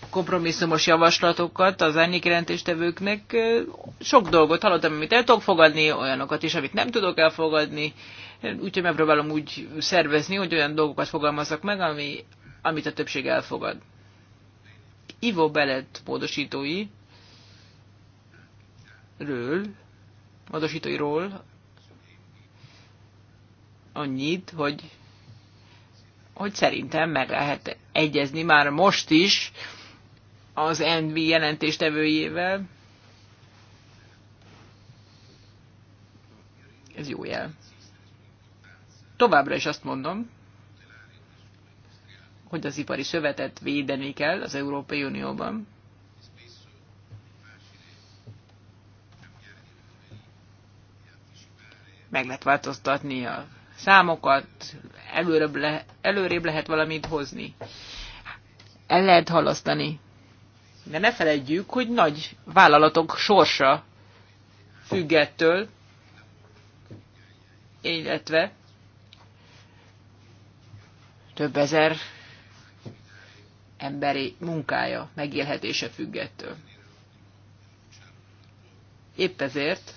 kompromisszumos javaslatokat az ennyi jelentéstevőknek. Sok dolgot hallottam, amit el tudok fogadni, olyanokat is, amit nem tudok elfogadni. Úgyhogy megpróbálom úgy szervezni, hogy olyan dolgokat fogalmazzak meg, ami, amit a többség elfogad. Ivo Belet módosítói ről, módosítóiról annyit, hogy, hogy szerintem meg lehet egyezni már most is az NV jelentéstevőjével. Ez jó jel. Továbbra is azt mondom, hogy az ipari szövetet védeni kell az Európai Unióban. meg lehet változtatni a számokat, előrébb, le, előrébb lehet valamit hozni. El lehet halasztani. De ne feledjük, hogy nagy vállalatok sorsa függettől, illetve több ezer emberi munkája, megélhetése függettől. Épp ezért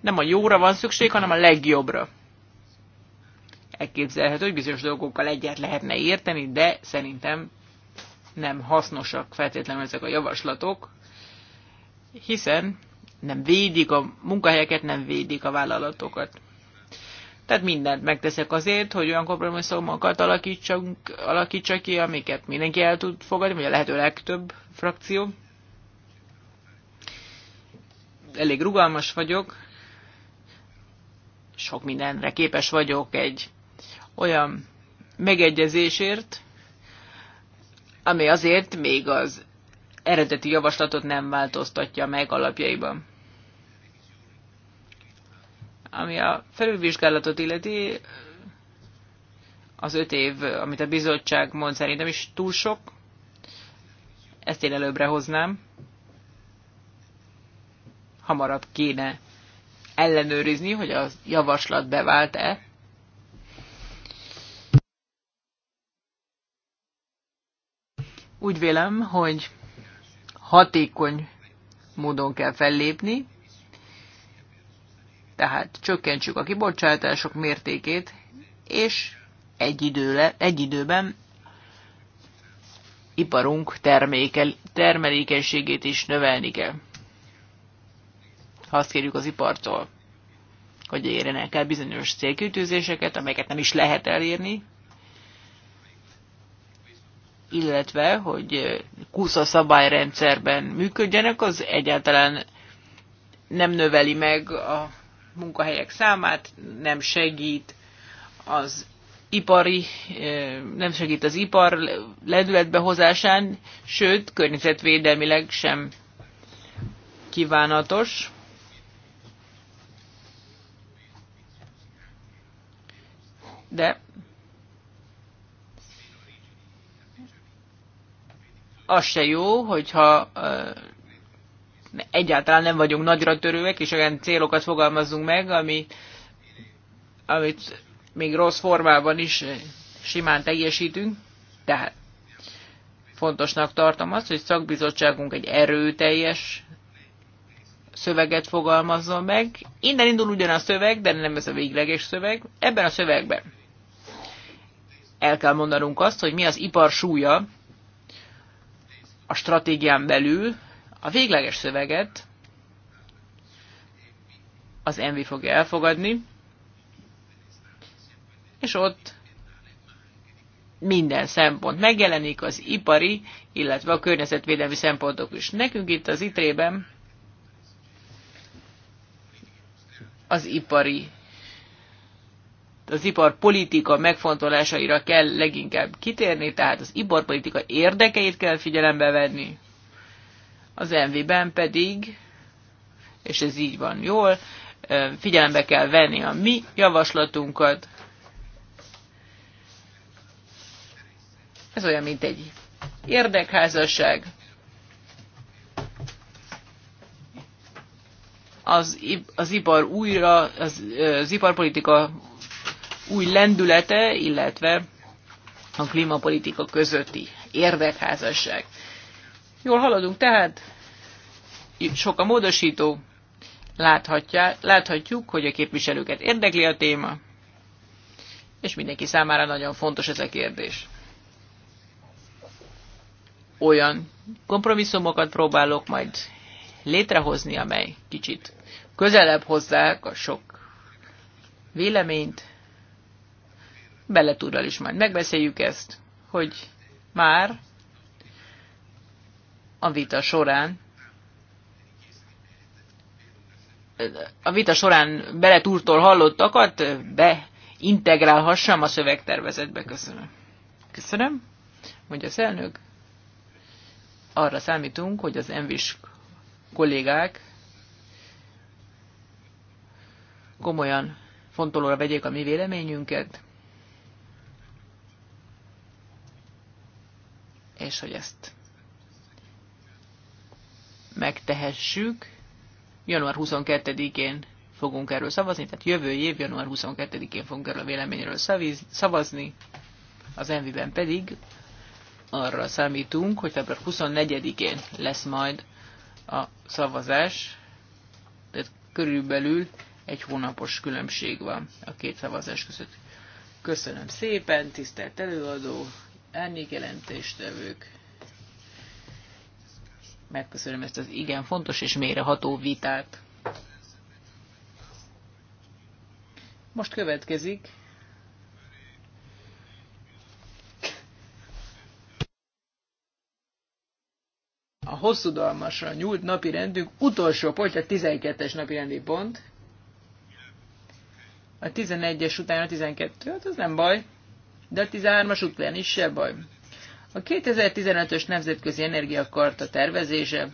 nem a jóra van szükség, hanem a legjobbra. Elképzelhető, hogy bizonyos dolgokkal egyet lehetne érteni, de szerintem nem hasznosak feltétlenül ezek a javaslatok, hiszen nem védik a munkahelyeket, nem védik a vállalatokat. Tehát mindent megteszek azért, hogy olyan kompromisszumokat alakítsak, alakítsak ki, amiket mindenki el tud fogadni, vagy a lehető legtöbb frakció. Elég rugalmas vagyok, sok mindenre képes vagyok egy olyan megegyezésért, ami azért még az eredeti javaslatot nem változtatja meg alapjaiban. Ami a felülvizsgálatot illeti, az öt év, amit a bizottság mond, szerintem is túl sok. Ezt én előbbre hoznám. Hamarabb kéne ellenőrizni, hogy a javaslat bevált-e. Úgy vélem, hogy hatékony módon kell fellépni, tehát csökkentsük a kibocsátások mértékét, és egy, időle, egy időben iparunk termékel, termelékenységét is növelni kell ha azt kérjük az ipartól, hogy érjenek el bizonyos célkültőzéseket, amelyeket nem is lehet elérni, illetve, hogy kusza szabályrendszerben működjenek, az egyáltalán nem növeli meg a munkahelyek számát, nem segít az ipari, eh, nem segít az ipar lendületbe hozásán, sőt, környezetvédelmileg sem kívánatos. de az se jó, hogyha egyáltalán nem vagyunk nagyra törőek, és olyan célokat fogalmazzunk meg, ami, amit még rossz formában is simán teljesítünk. Tehát fontosnak tartom azt, hogy szakbizottságunk egy erőteljes szöveget fogalmazzon meg. Innen indul ugyan a szöveg, de nem ez a végleges szöveg. Ebben a szövegben el kell mondanunk azt, hogy mi az ipar súlya a stratégián belül. A végleges szöveget az MV fogja elfogadni, és ott minden szempont megjelenik, az ipari, illetve a környezetvédelmi szempontok is. Nekünk itt az itrében az ipari az iparpolitika megfontolásaira kell leginkább kitérni, tehát az iparpolitika érdekeit kell figyelembe venni, az MV-ben pedig, és ez így van jól, figyelembe kell venni a mi javaslatunkat. Ez olyan, mint egy érdekházasság. Az, az ipar újra, az, az iparpolitika új lendülete, illetve a klímapolitika közötti érdekházasság. Jól haladunk tehát, itt sok a módosító, Láthatja, láthatjuk, hogy a képviselőket érdekli a téma, és mindenki számára nagyon fontos ez a kérdés. Olyan kompromisszumokat próbálok majd létrehozni, amely kicsit közelebb hozzák a sok véleményt, Belletúrral is majd megbeszéljük ezt, hogy már a vita során a vita során Beletúrtól hallottakat beintegrálhassam a szövegtervezetbe. Köszönöm. Köszönöm, mondja az elnök. Arra számítunk, hogy az envis kollégák komolyan fontolóra vegyék a mi véleményünket, és hogy ezt megtehessük. Január 22-én fogunk erről szavazni, tehát jövő év január 22-én fogunk erről a véleményről szavazni, az enviben pedig arra számítunk, hogy február 24-én lesz majd a szavazás, tehát körülbelül egy hónapos különbség van a két szavazás között. Köszönöm szépen, tisztelt előadó, árnyék jelentéstevők. Megköszönöm ezt az igen fontos és mélyreható vitát. Most következik a hosszúdalmasra nyúlt napi rendünk utolsó pontja, 12-es napi rendi pont. A 11-es után a 12, hát az nem baj de a 13-as után is se baj. A 2015-ös Nemzetközi Energiakarta tervezése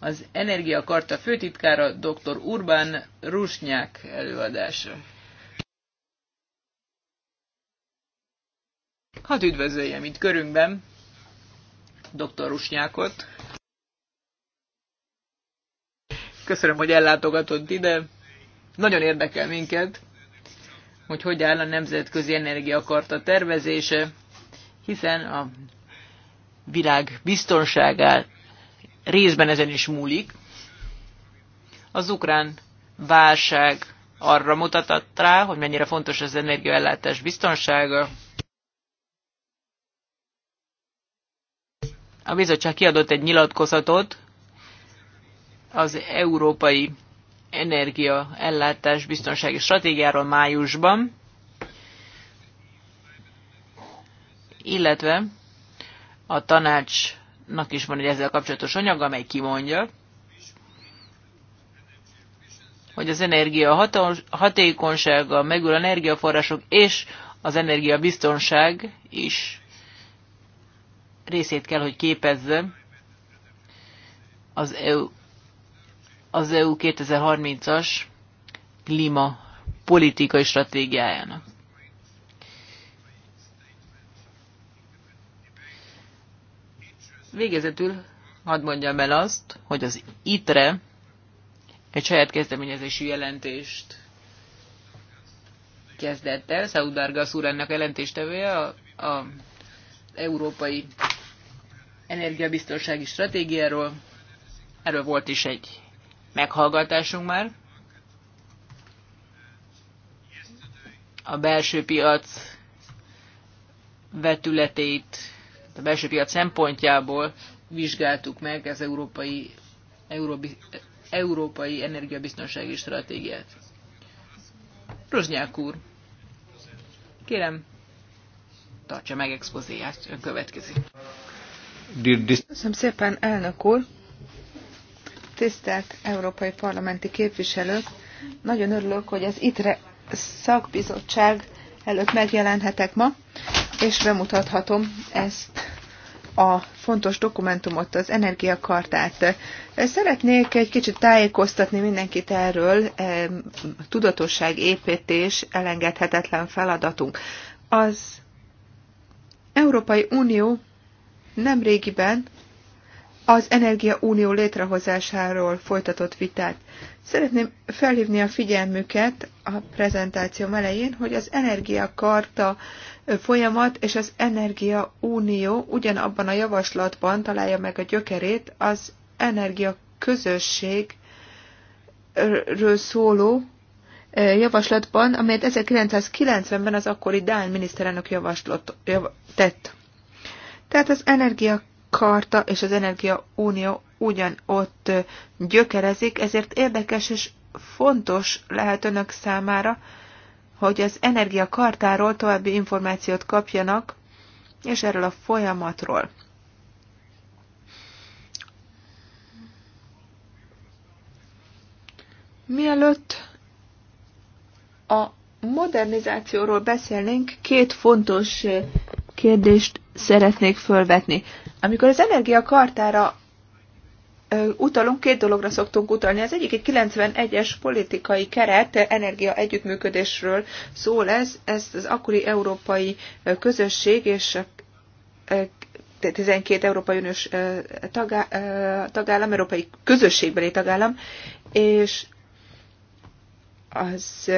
az Energiakarta főtitkára dr. Urbán Rusnyák előadása. Hadd üdvözöljem itt körünkben dr. Rusnyákot. Köszönöm, hogy ellátogatott ide. Nagyon érdekel minket, hogy hogy áll a nemzetközi energiakarta tervezése, hiszen a világ biztonságát részben ezen is múlik. Az ukrán válság arra mutatott rá, hogy mennyire fontos az energiaellátás biztonsága. A bizottság kiadott egy nyilatkozatot az európai energia ellátás biztonsági stratégiáról májusban, illetve a tanácsnak is van egy ezzel kapcsolatos anyag, amely kimondja, hogy az energia hatékonysága, megül energiaforrások és az energiabiztonság is részét kell, hogy képezze az EU az EU 2030-as klíma politikai stratégiájának. Végezetül hadd mondjam el azt, hogy az ITRE egy saját kezdeményezésű jelentést kezdett el. Szaudár úr ennek jelentéstevője a, Európai Energiabiztonsági Stratégiáról. Erről volt is egy meghallgatásunk már. A belső piac vetületét a belső piac szempontjából vizsgáltuk meg az európai, európai, európai energiabiztonsági stratégiát. Rozsnyák úr, kérem, tartsa meg expozéját, ön következik. Köszönöm szépen, elnök úr. Tisztelt Európai Parlamenti képviselők! Nagyon örülök, hogy az ITRE szakbizottság előtt megjelenhetek ma, és bemutathatom ezt a fontos dokumentumot, az energiakartát. Szeretnék egy kicsit tájékoztatni mindenkit erről, e, tudatosság építés elengedhetetlen feladatunk. Az Európai Unió nemrégiben az Energia Unió létrehozásáról folytatott vitát. Szeretném felhívni a figyelmüket a prezentáció elején, hogy az energia karta folyamat és az Energia Unió ugyanabban a javaslatban találja meg a gyökerét az energia közösségről szóló e, javaslatban, amelyet 1990-ben az akkori Dán miniszterelnök javaslott, jav, tett. Tehát az energia karta és az Energia Unió ugyanott gyökerezik, ezért érdekes és fontos lehet önök számára, hogy az kartáról további információt kapjanak, és erről a folyamatról. Mielőtt a modernizációról beszélnénk, két fontos kérdést szeretnék fölvetni. Amikor az energiakartára utalunk, két dologra szoktunk utalni. Az egyik egy 91-es politikai keret, energia együttműködésről szól ez, ez az akkori európai közösség és 12 Európai Uniós tagá, tagállam, európai közösségbeli tagállam, és az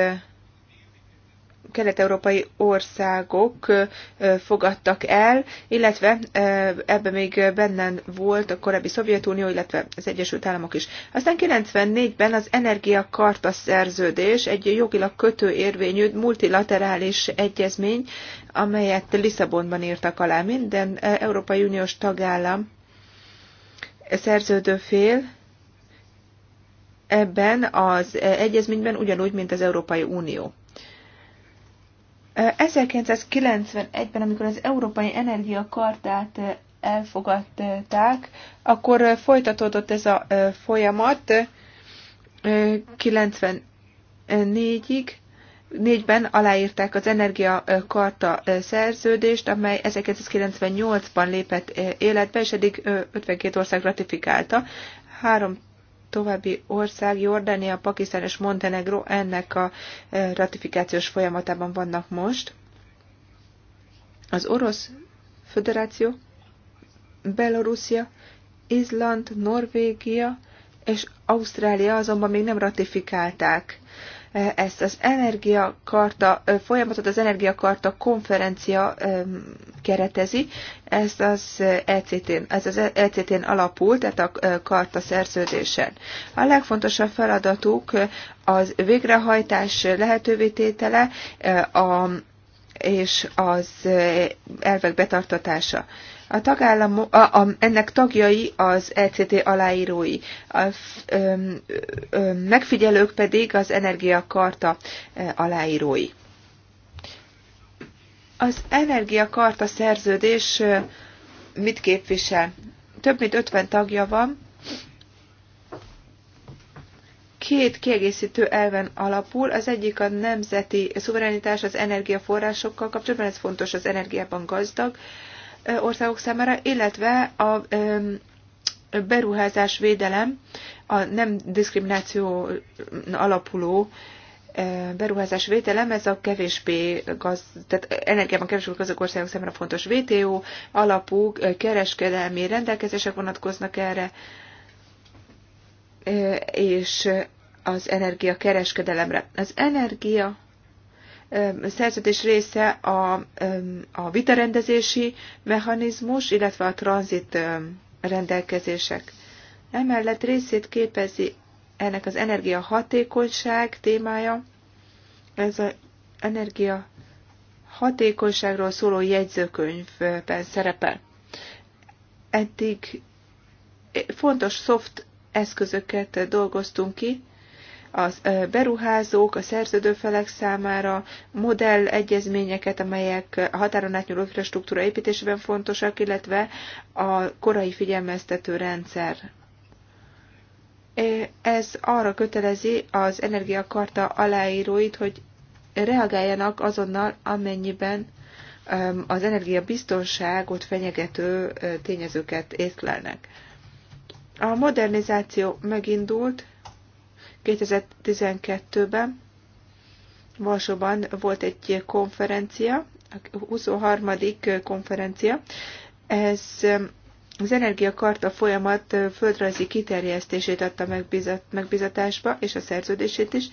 kelet-európai országok fogadtak el, illetve ebben még bennen volt a korábbi Szovjetunió, illetve az Egyesült Államok is. Aztán 94-ben az Energiakarta szerződés egy jogilag kötő érvényű multilaterális egyezmény, amelyet Lisszabonban írtak alá minden Európai Uniós tagállam szerződő fél, ebben az egyezményben ugyanúgy, mint az Európai Unió. 1991-ben, amikor az Európai Energiakartát elfogadták, akkor folytatódott ez a folyamat 94-ig, négyben aláírták az energiakarta szerződést, amely 1998-ban lépett életbe, és eddig 52 ország ratifikálta. Három további ország, Jordánia, Pakisztán és Montenegro ennek a e, ratifikációs folyamatában vannak most. Az Orosz Föderáció, Belorusszia, Izland, Norvégia és Ausztrália azonban még nem ratifikálták ezt az energiakarta folyamatot, az energiakarta konferencia keretezi, ezt az ECT-n, ez az ECT-n e alapul, tehát a karta szerződésen. A legfontosabb feladatuk az végrehajtás lehetővé tétele a, és az elvek betartatása. A tagállam, a, a, ennek tagjai az ECT aláírói, a ö, ö, megfigyelők pedig az energiakarta e, aláírói. Az energiakarta szerződés mit képvisel? Több mint 50 tagja van, két kiegészítő elven alapul. Az egyik a nemzeti szuverenitás az energiaforrásokkal kapcsolatban, ez fontos az energiában gazdag országok számára, illetve a beruházás védelem, a nem diszkrimináció alapuló beruházás védelem, ez a kevésbé gaz, tehát energiában kevésbé gazdag országok számára fontos VTO alapú kereskedelmi rendelkezések vonatkoznak erre, és az energia kereskedelemre. Az energia szerződés része a, a vitarendezési mechanizmus, illetve a tranzit rendelkezések. Emellett részét képezi ennek az energiahatékonyság témája, ez az energia szóló jegyzőkönyvben szerepel. Eddig fontos soft eszközöket dolgoztunk ki, a beruházók, a szerződőfelek számára modell egyezményeket, amelyek a határon átnyúló infrastruktúra építésében fontosak, illetve a korai figyelmeztető rendszer. Ez arra kötelezi az energiakarta aláíróit, hogy reagáljanak azonnal, amennyiben az energiabiztonságot fenyegető tényezőket észlelnek. A modernizáció megindult, 2012-ben Varsóban volt egy konferencia, a 23. konferencia. Ez az energiakarta folyamat földrajzi kiterjesztését adta megbizat, megbizatásba, és a szerződését is.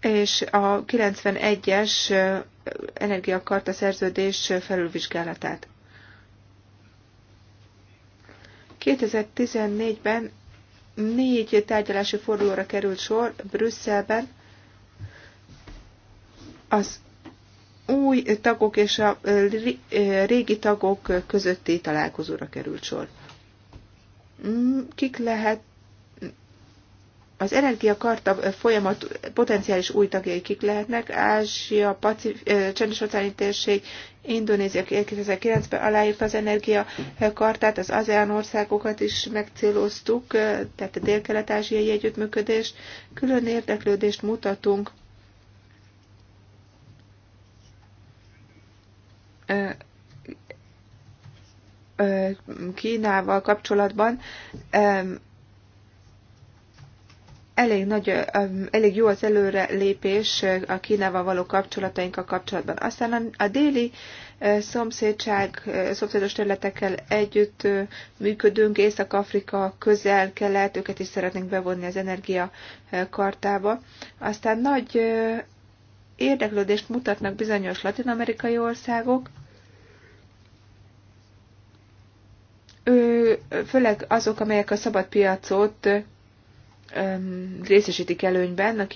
És a 91-es energiakarta szerződés felülvizsgálatát. 2014-ben négy tárgyalási fordulóra került sor Brüsszelben. Az új tagok és a régi tagok közötti találkozóra került sor. Mm, kik lehet az energiakarta folyamat potenciális új tagjai kik lehetnek? Ázsia, Pacif- Csendes-óceáni térség, Indonézia 2009-ben aláírta az energiakartát, az ASEAN országokat is megcéloztuk, tehát a dél-kelet-ázsiai együttműködés. Külön érdeklődést mutatunk Kínával kapcsolatban elég, nagy, elég jó az előre lépés eh, a Kínával való kapcsolatainkkal kapcsolatban. Aztán a déli eh, szomszédság, eh, szomszédos területekkel együtt működünk, Észak-Afrika, közel-kelet, őket is szeretnénk bevonni az energiakartába. Aztán nagy érdeklődést mutatnak bizonyos latin-amerikai országok, főleg azok, amelyek a szabad piacot részesítik előnyben, a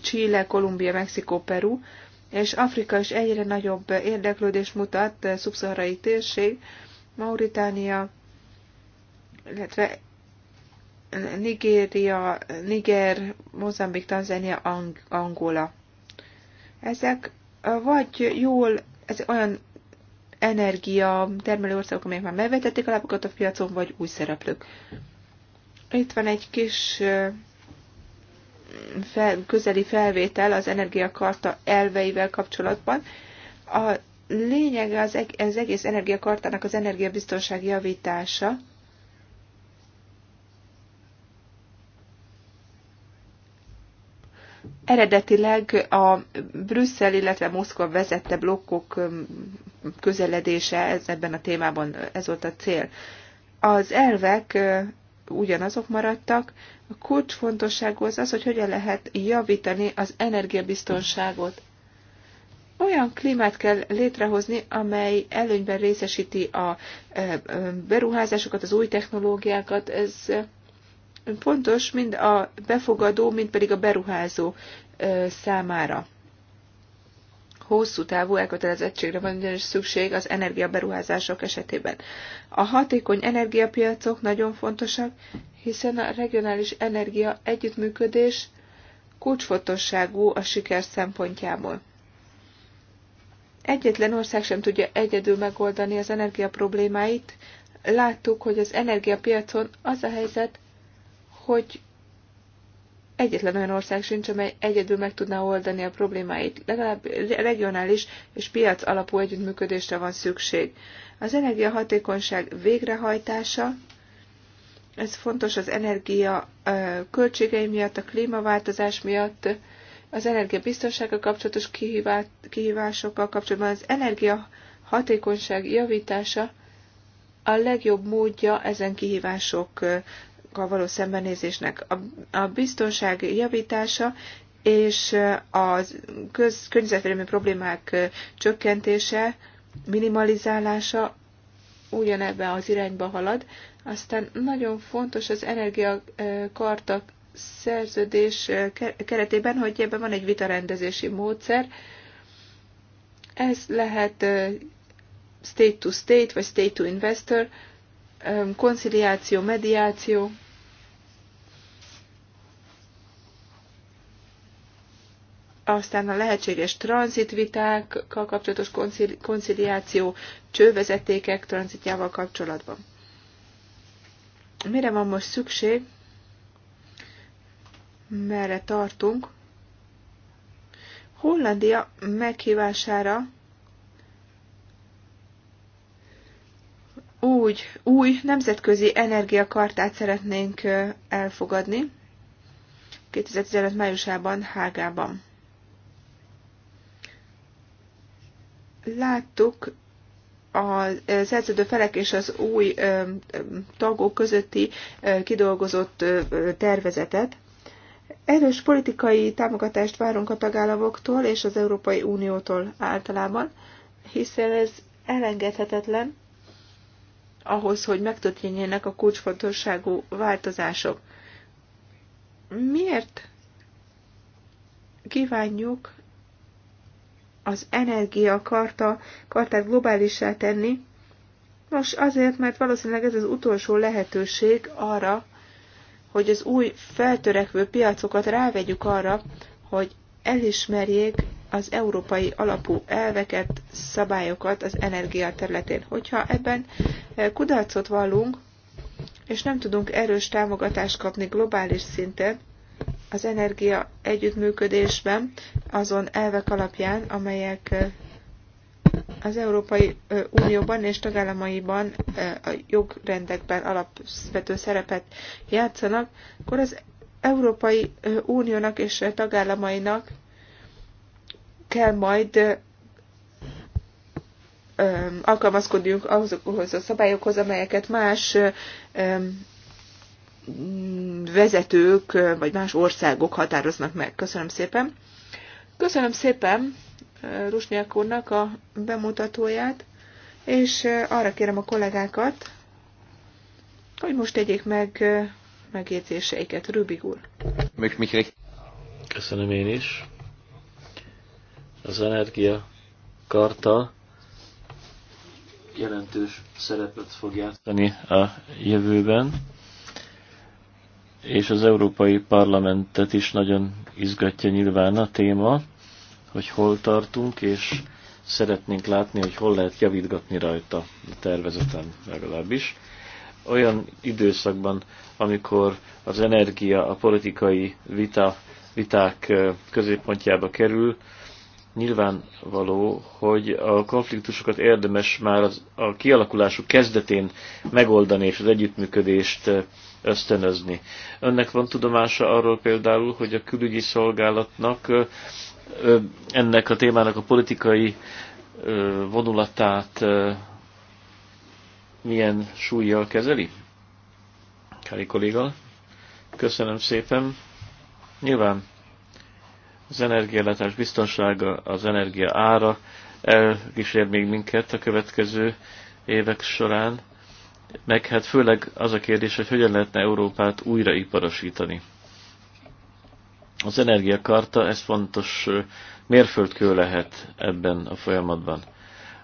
Chile, Kolumbia, Mexikó, Peru, és Afrika is egyre nagyobb érdeklődést mutat, szubszaharai térség, Mauritánia, illetve Nigéria, Niger, Mozambik, Tanzánia, Ang- Angola. Ezek vagy jól, ez olyan energia termelő országok, amelyek már megvetették a lábukat a piacon, vagy új szereplők. Itt van egy kis fel, közeli felvétel az energiakarta elveivel kapcsolatban. A lényege az, az egész energiakartának az energiabiztonság javítása. Eredetileg a Brüsszel, illetve Moszkva vezette blokkok közeledése ez ebben a témában, ez volt a cél. Az elvek ugyanazok maradtak. A kulcsfontosságú az az, hogy hogyan lehet javítani az energiabiztonságot. Olyan klímát kell létrehozni, amely előnyben részesíti a e, e, beruházásokat, az új technológiákat. Ez fontos mind a befogadó, mind pedig a beruházó e, számára hosszú távú elkötelezettségre van ugyanis szükség az energiaberuházások esetében. A hatékony energiapiacok nagyon fontosak, hiszen a regionális energia együttműködés kulcsfontosságú a siker szempontjából. Egyetlen ország sem tudja egyedül megoldani az energia problémáit. Láttuk, hogy az energiapiacon az a helyzet, hogy egyetlen olyan ország sincs, amely egyedül meg tudná oldani a problémáit. Legalább regionális és piac alapú együttműködésre van szükség. Az energiahatékonyság végrehajtása, ez fontos az energia költségei miatt, a klímaváltozás miatt, az energiabiztonsága kapcsolatos kihívásokkal kapcsolatban az energia hatékonyság javítása a legjobb módja ezen kihívások való szembenézésnek. A, a biztonság javítása és a köz, környezetvédelmi problémák csökkentése, minimalizálása ugyanebbe az irányba halad. Aztán nagyon fontos az energiakarta szerződés keretében, hogy ebben van egy vitarendezési módszer. Ez lehet state to state, vagy state to investor, konciliáció, mediáció. aztán a lehetséges tranzitvitákkal kapcsolatos koncili konciliáció, csővezetékek tranzitjával kapcsolatban. Mire van most szükség? Merre tartunk? Hollandia meghívására úgy új nemzetközi energiakartát szeretnénk elfogadni 2015 májusában Hágában. Láttuk a szerződő felek és az új tagok közötti kidolgozott tervezetet. Erős politikai támogatást várunk a tagállamoktól és az Európai Uniótól általában, hiszen ez elengedhetetlen ahhoz, hogy megtörténjenek a kulcsfontosságú változások. Miért kívánjuk az energiakarta, kartát globálissá tenni? Nos, azért, mert valószínűleg ez az utolsó lehetőség arra, hogy az új feltörekvő piacokat rávegyük arra, hogy elismerjék az európai alapú elveket, szabályokat az energia területén. Hogyha ebben eh, kudarcot vallunk, és nem tudunk erős támogatást kapni globális szinten az energia együttműködésben, azon elvek alapján, amelyek eh, az Európai eh, Unióban és tagállamaiban a jogrendekben alapvető szerepet játszanak, akkor az Európai Uniónak és tagállamainak kell majd alkalmazkodjunk azokhoz a szabályokhoz, amelyeket más vezetők vagy más országok határoznak meg. Köszönöm szépen. Köszönöm szépen Rusnyák úrnak a bemutatóját, és arra kérem a kollégákat, hogy most tegyék meg megjegyzéseiket. Rubik úr. Köszönöm én is az energia karta jelentős szerepet fog játszani a jövőben, és az Európai Parlamentet is nagyon izgatja nyilván a téma, hogy hol tartunk, és szeretnénk látni, hogy hol lehet javítgatni rajta a tervezeten legalábbis. Olyan időszakban, amikor az energia a politikai vita, viták középpontjába kerül, nyilvánvaló, hogy a konfliktusokat érdemes már az, a kialakulásuk kezdetén megoldani és az együttműködést eh, ösztönözni. Önnek van tudomása arról például, hogy a külügyi szolgálatnak eh, ennek a témának a politikai eh, vonulatát milyen súlyjal kezeli? Kári kolléga, köszönöm szépen. Nyilván az energiállátás biztonsága, az energia ára elkísér még minket a következő évek során, meg hát főleg az a kérdés, hogy hogyan lehetne Európát újraiparosítani. Az energiakarta, ez fontos mérföldkő lehet ebben a folyamatban.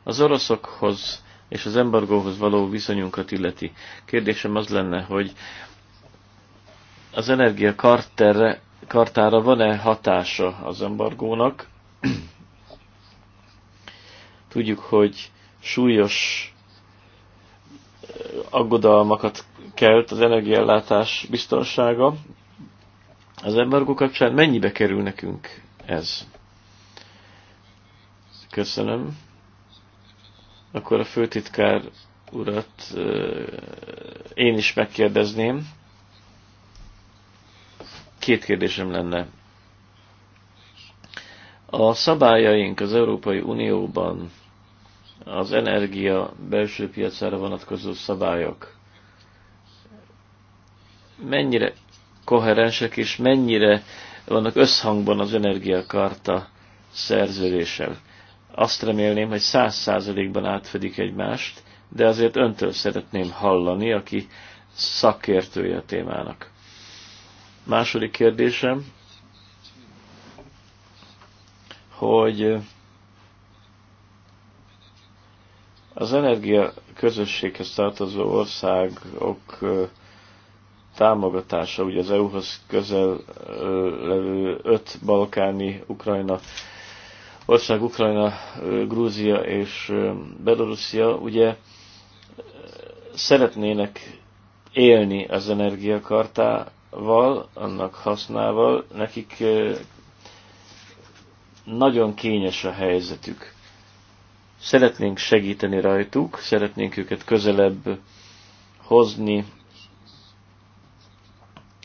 Az oroszokhoz és az embargóhoz való viszonyunkat illeti. Kérdésem az lenne, hogy az energiakarterre kartára van-e hatása az embargónak. Tudjuk, hogy súlyos eh, aggodalmakat kelt az energiállátás biztonsága. Az embargó kapcsán mennyibe kerül nekünk ez? Köszönöm. Akkor a főtitkár urat eh, én is megkérdezném Két kérdésem lenne. A szabályaink az Európai Unióban, az energia belső piacára vonatkozó szabályok mennyire koherensek és mennyire vannak összhangban az energiakarta szerződéssel. Azt remélném, hogy száz százalékban átfedik egymást, de azért öntől szeretném hallani, aki szakértője a témának. Második kérdésem, hogy az energia közösséghez tartozó országok támogatása, ugye az EU-hoz közel levő öt balkáni, Ukrajna, ország Ukrajna, Grúzia és Belorusszia, ugye szeretnének élni az energiakartá, val, annak hasznával, nekik nagyon kényes a helyzetük. Szeretnénk segíteni rajtuk, szeretnénk őket közelebb hozni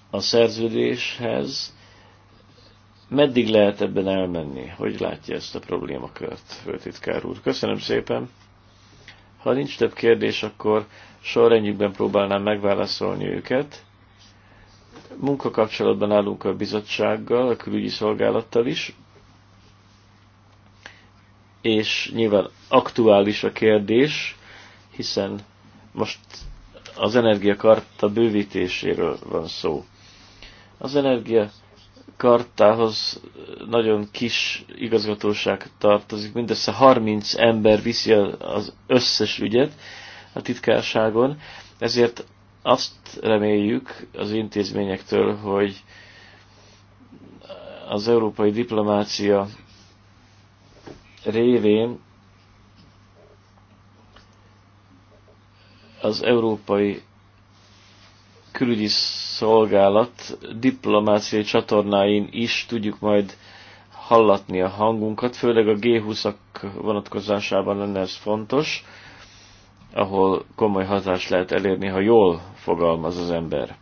a szerződéshez. Meddig lehet ebben elmenni? Hogy látja ezt a problémakört, főtitkár úr? Köszönöm szépen! Ha nincs több kérdés, akkor sorrendjükben próbálnám megválaszolni őket munkakapcsolatban állunk a bizottsággal, a külügyi szolgálattal is, és nyilván aktuális a kérdés, hiszen most az energiakarta bővítéséről van szó. Az energiakartához nagyon kis igazgatóság tartozik, mindössze 30 ember viszi az összes ügyet a titkárságon, ezért azt reméljük az intézményektől, hogy az európai diplomácia révén az európai külügyi szolgálat diplomáciai csatornáin is tudjuk majd hallatni a hangunkat, főleg a G20-ak vonatkozásában lenne ez fontos, ahol komoly hatást lehet elérni, ha jól fogalmaz az ember.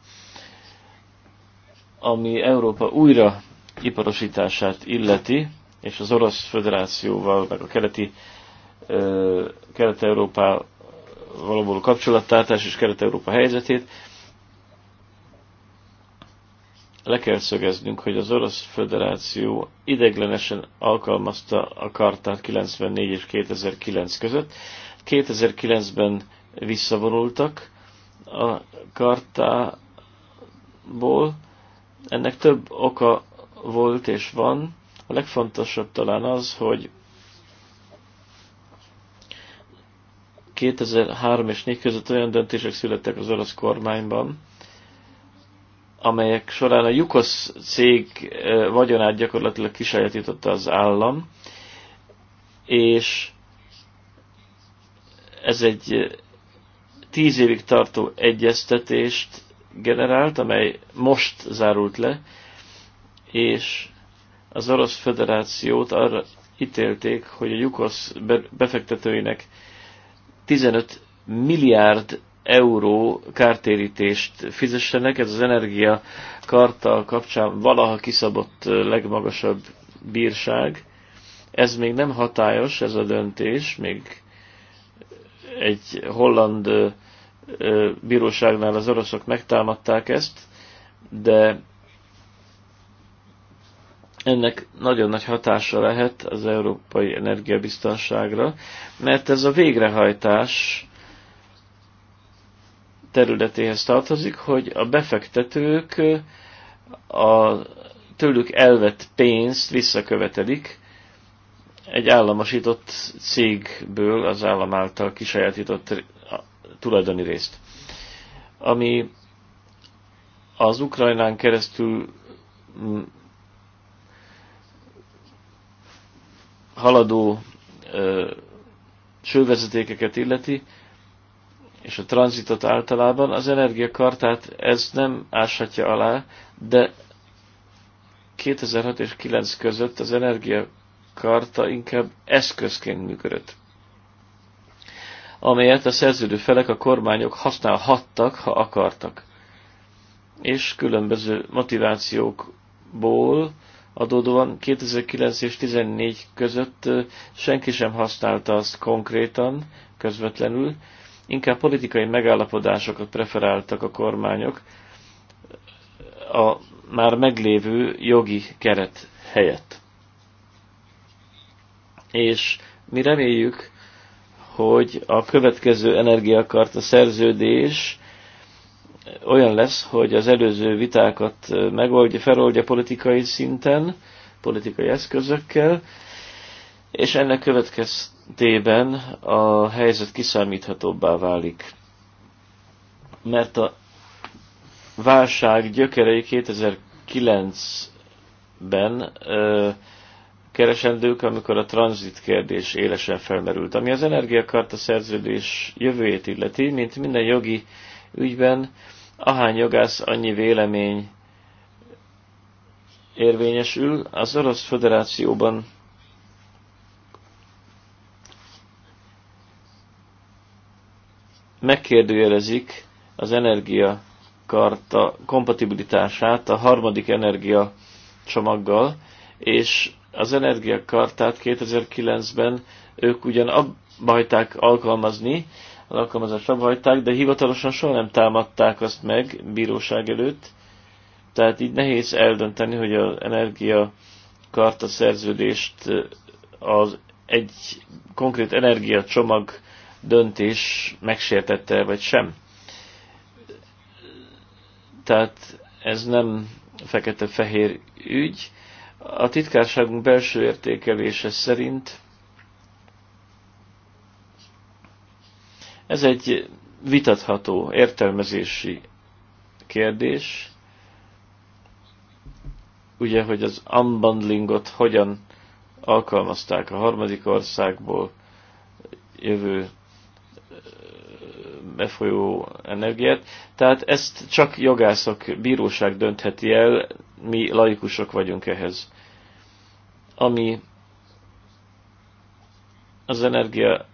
Ami Európa újra iparosítását illeti, és az Orosz Föderációval, meg a keleti, kelet európa valóból kapcsolattártás és kelet-európa helyzetét, le kell szögeznünk, hogy az Orosz Föderáció ideglenesen alkalmazta a kartát 94 és 2009 között. 2009-ben visszavonultak, a kartából. Ennek több oka volt és van. A legfontosabb talán az, hogy 2003 és 4 között olyan döntések születtek az orosz kormányban, amelyek során a Jukosz cég vagyonát gyakorlatilag kisajátította az állam, és ez egy tíz évig tartó egyeztetést generált, amely most zárult le, és az Orosz Föderációt arra ítélték, hogy a Jukosz befektetőinek 15 milliárd euró kártérítést fizessenek. Ez az energia karta kapcsán valaha kiszabott legmagasabb bírság. Ez még nem hatályos, ez a döntés, még egy holland bíróságnál az oroszok megtámadták ezt, de ennek nagyon nagy hatása lehet az európai energiabiztonságra, mert ez a végrehajtás területéhez tartozik, hogy a befektetők a tőlük elvett pénzt visszakövetelik egy államosított cégből az állam által kisajátított tulajdoni részt. Ami az Ukrajnán keresztül haladó sővezetékeket illeti, és a tranzitot általában, az energiakartát ez nem áshatja alá, de 2006 és 9 között az energia karta inkább eszközként működött, amelyet a szerződő felek, a kormányok használhattak, ha akartak. És különböző motivációkból adódóan 2009 és 2014 között senki sem használta azt konkrétan, közvetlenül, inkább politikai megállapodásokat preferáltak a kormányok a már meglévő jogi keret helyett és mi reméljük, hogy a következő a szerződés olyan lesz, hogy az előző vitákat megoldja, feloldja politikai szinten, politikai eszközökkel, és ennek következtében a helyzet kiszámíthatóbbá válik. Mert a válság gyökerei 2009-ben keresendők, amikor a tranzit kérdés élesen felmerült. Ami az energiakarta szerződés jövőjét illeti, mint minden jogi ügyben, ahány jogász, annyi vélemény érvényesül. Az Orosz Föderációban megkérdőjelezik az energiakarta kompatibilitását a harmadik energia csomaggal, és az energiakartát 2009-ben ők ugyan abba hagyták alkalmazni, az alkalmazást hagyták, de hivatalosan soha nem támadták azt meg bíróság előtt, tehát így nehéz eldönteni, hogy az energiakarta szerződést eh, az egy konkrét energiacsomag döntés megsértette, vagy sem. Tehát ez nem fekete-fehér ügy, a titkárságunk belső értékelése szerint ez egy vitatható értelmezési kérdés, ugye, hogy az unbundlingot hogyan alkalmazták a harmadik országból jövő befolyó energiát. Tehát ezt csak jogászok, bíróság döntheti el, mi laikusok vagyunk ehhez. Ami az energia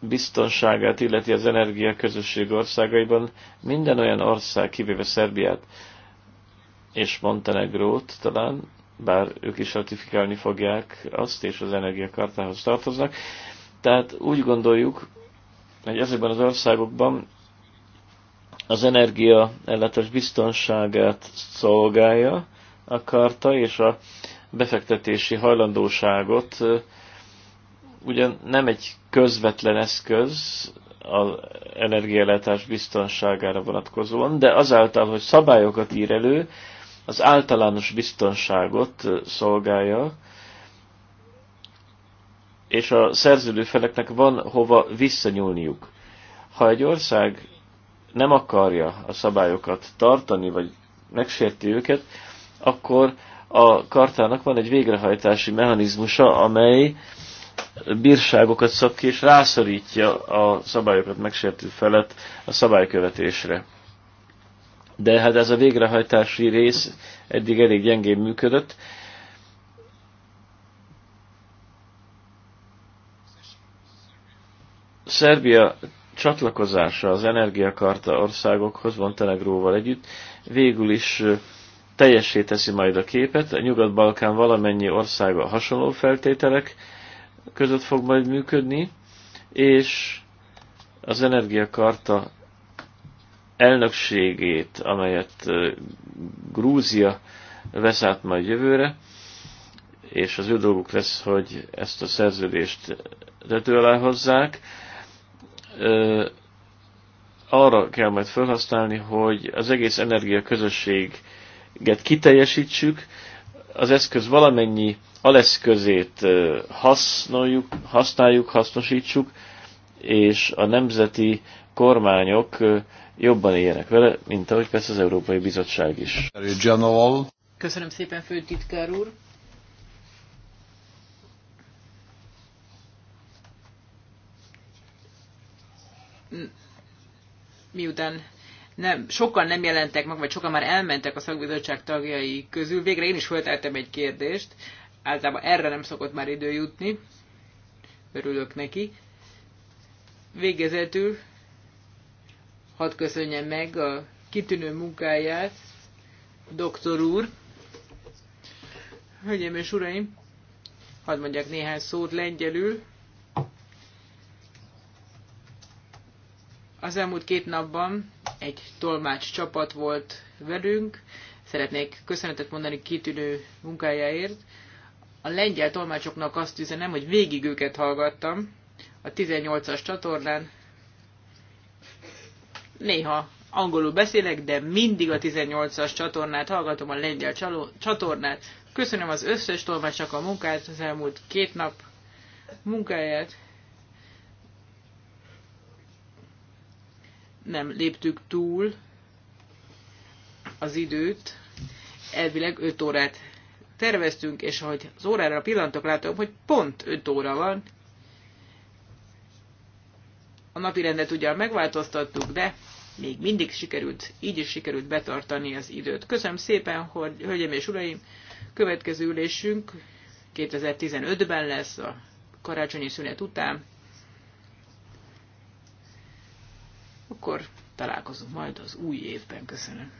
biztonságát illeti az energia közösség országaiban, minden olyan ország, kivéve Szerbiát és Montenegrót talán, bár ők is ratifikálni fogják azt, és az energiakartához tartoznak. Tehát úgy gondoljuk, hogy ezekben az országokban az energia ellátás biztonságát szolgálja a karta, és a befektetési hajlandóságot ugyan nem egy közvetlen eszköz az energiállátás biztonságára vonatkozóan, de azáltal, hogy szabályokat ír elő, az általános biztonságot szolgálja, és a szerződő feleknek van hova visszanyúlniuk. Ha egy ország nem akarja a szabályokat tartani, vagy megsérti őket, akkor a kartának van egy végrehajtási mechanizmusa, amely bírságokat szab ki, és rászorítja a szabályokat megsértő felett a szabálykövetésre. De hát ez a végrehajtási rész eddig elég gyengén működött. Szerbia csatlakozása az energiakarta országokhoz, Montenegróval együtt, végül is teljessé teszi majd a képet. A Nyugat-Balkán valamennyi országa hasonló feltételek között fog majd működni, és az energiakarta elnökségét, amelyet Grúzia vesz át majd jövőre, és az ő dolguk lesz, hogy ezt a szerződést tető alá hozzák arra kell majd felhasználni, hogy az egész energia közösséget kiteljesítsük, az eszköz valamennyi aleszközét használjuk, használjuk, hasznosítsuk, és a nemzeti kormányok jobban éljenek vele, mint ahogy persze az Európai Bizottság is. Köszönöm szépen, főtitkár úr! miután nem, sokan nem jelentek meg, vagy sokan már elmentek a szakbizottság tagjai közül, végre én is feltettem egy kérdést, általában erre nem szokott már idő jutni, örülök neki. Végezetül hadd köszönjem meg a kitűnő munkáját, doktor úr. Hölgyeim és uraim, hadd mondjak néhány szót lengyelül. Az elmúlt két napban egy tolmács csapat volt velünk. Szeretnék köszönetet mondani kitűnő munkájáért. A lengyel tolmácsoknak azt üzenem, hogy végig őket hallgattam a 18-as csatornán. Néha angolul beszélek, de mindig a 18-as csatornát hallgatom, a lengyel csaló, csatornát. Köszönöm az összes tolmácsnak a munkát az elmúlt két nap munkáját. nem léptük túl az időt, elvileg 5 órát terveztünk, és ahogy az órára pillantok, látom, hogy pont 5 óra van. A napi rendet ugyan megváltoztattuk, de még mindig sikerült, így is sikerült betartani az időt. Köszönöm szépen, hogy hölgyeim és uraim, következő ülésünk 2015-ben lesz a karácsonyi szünet után. Akkor találkozunk majd az új évben. Köszönöm.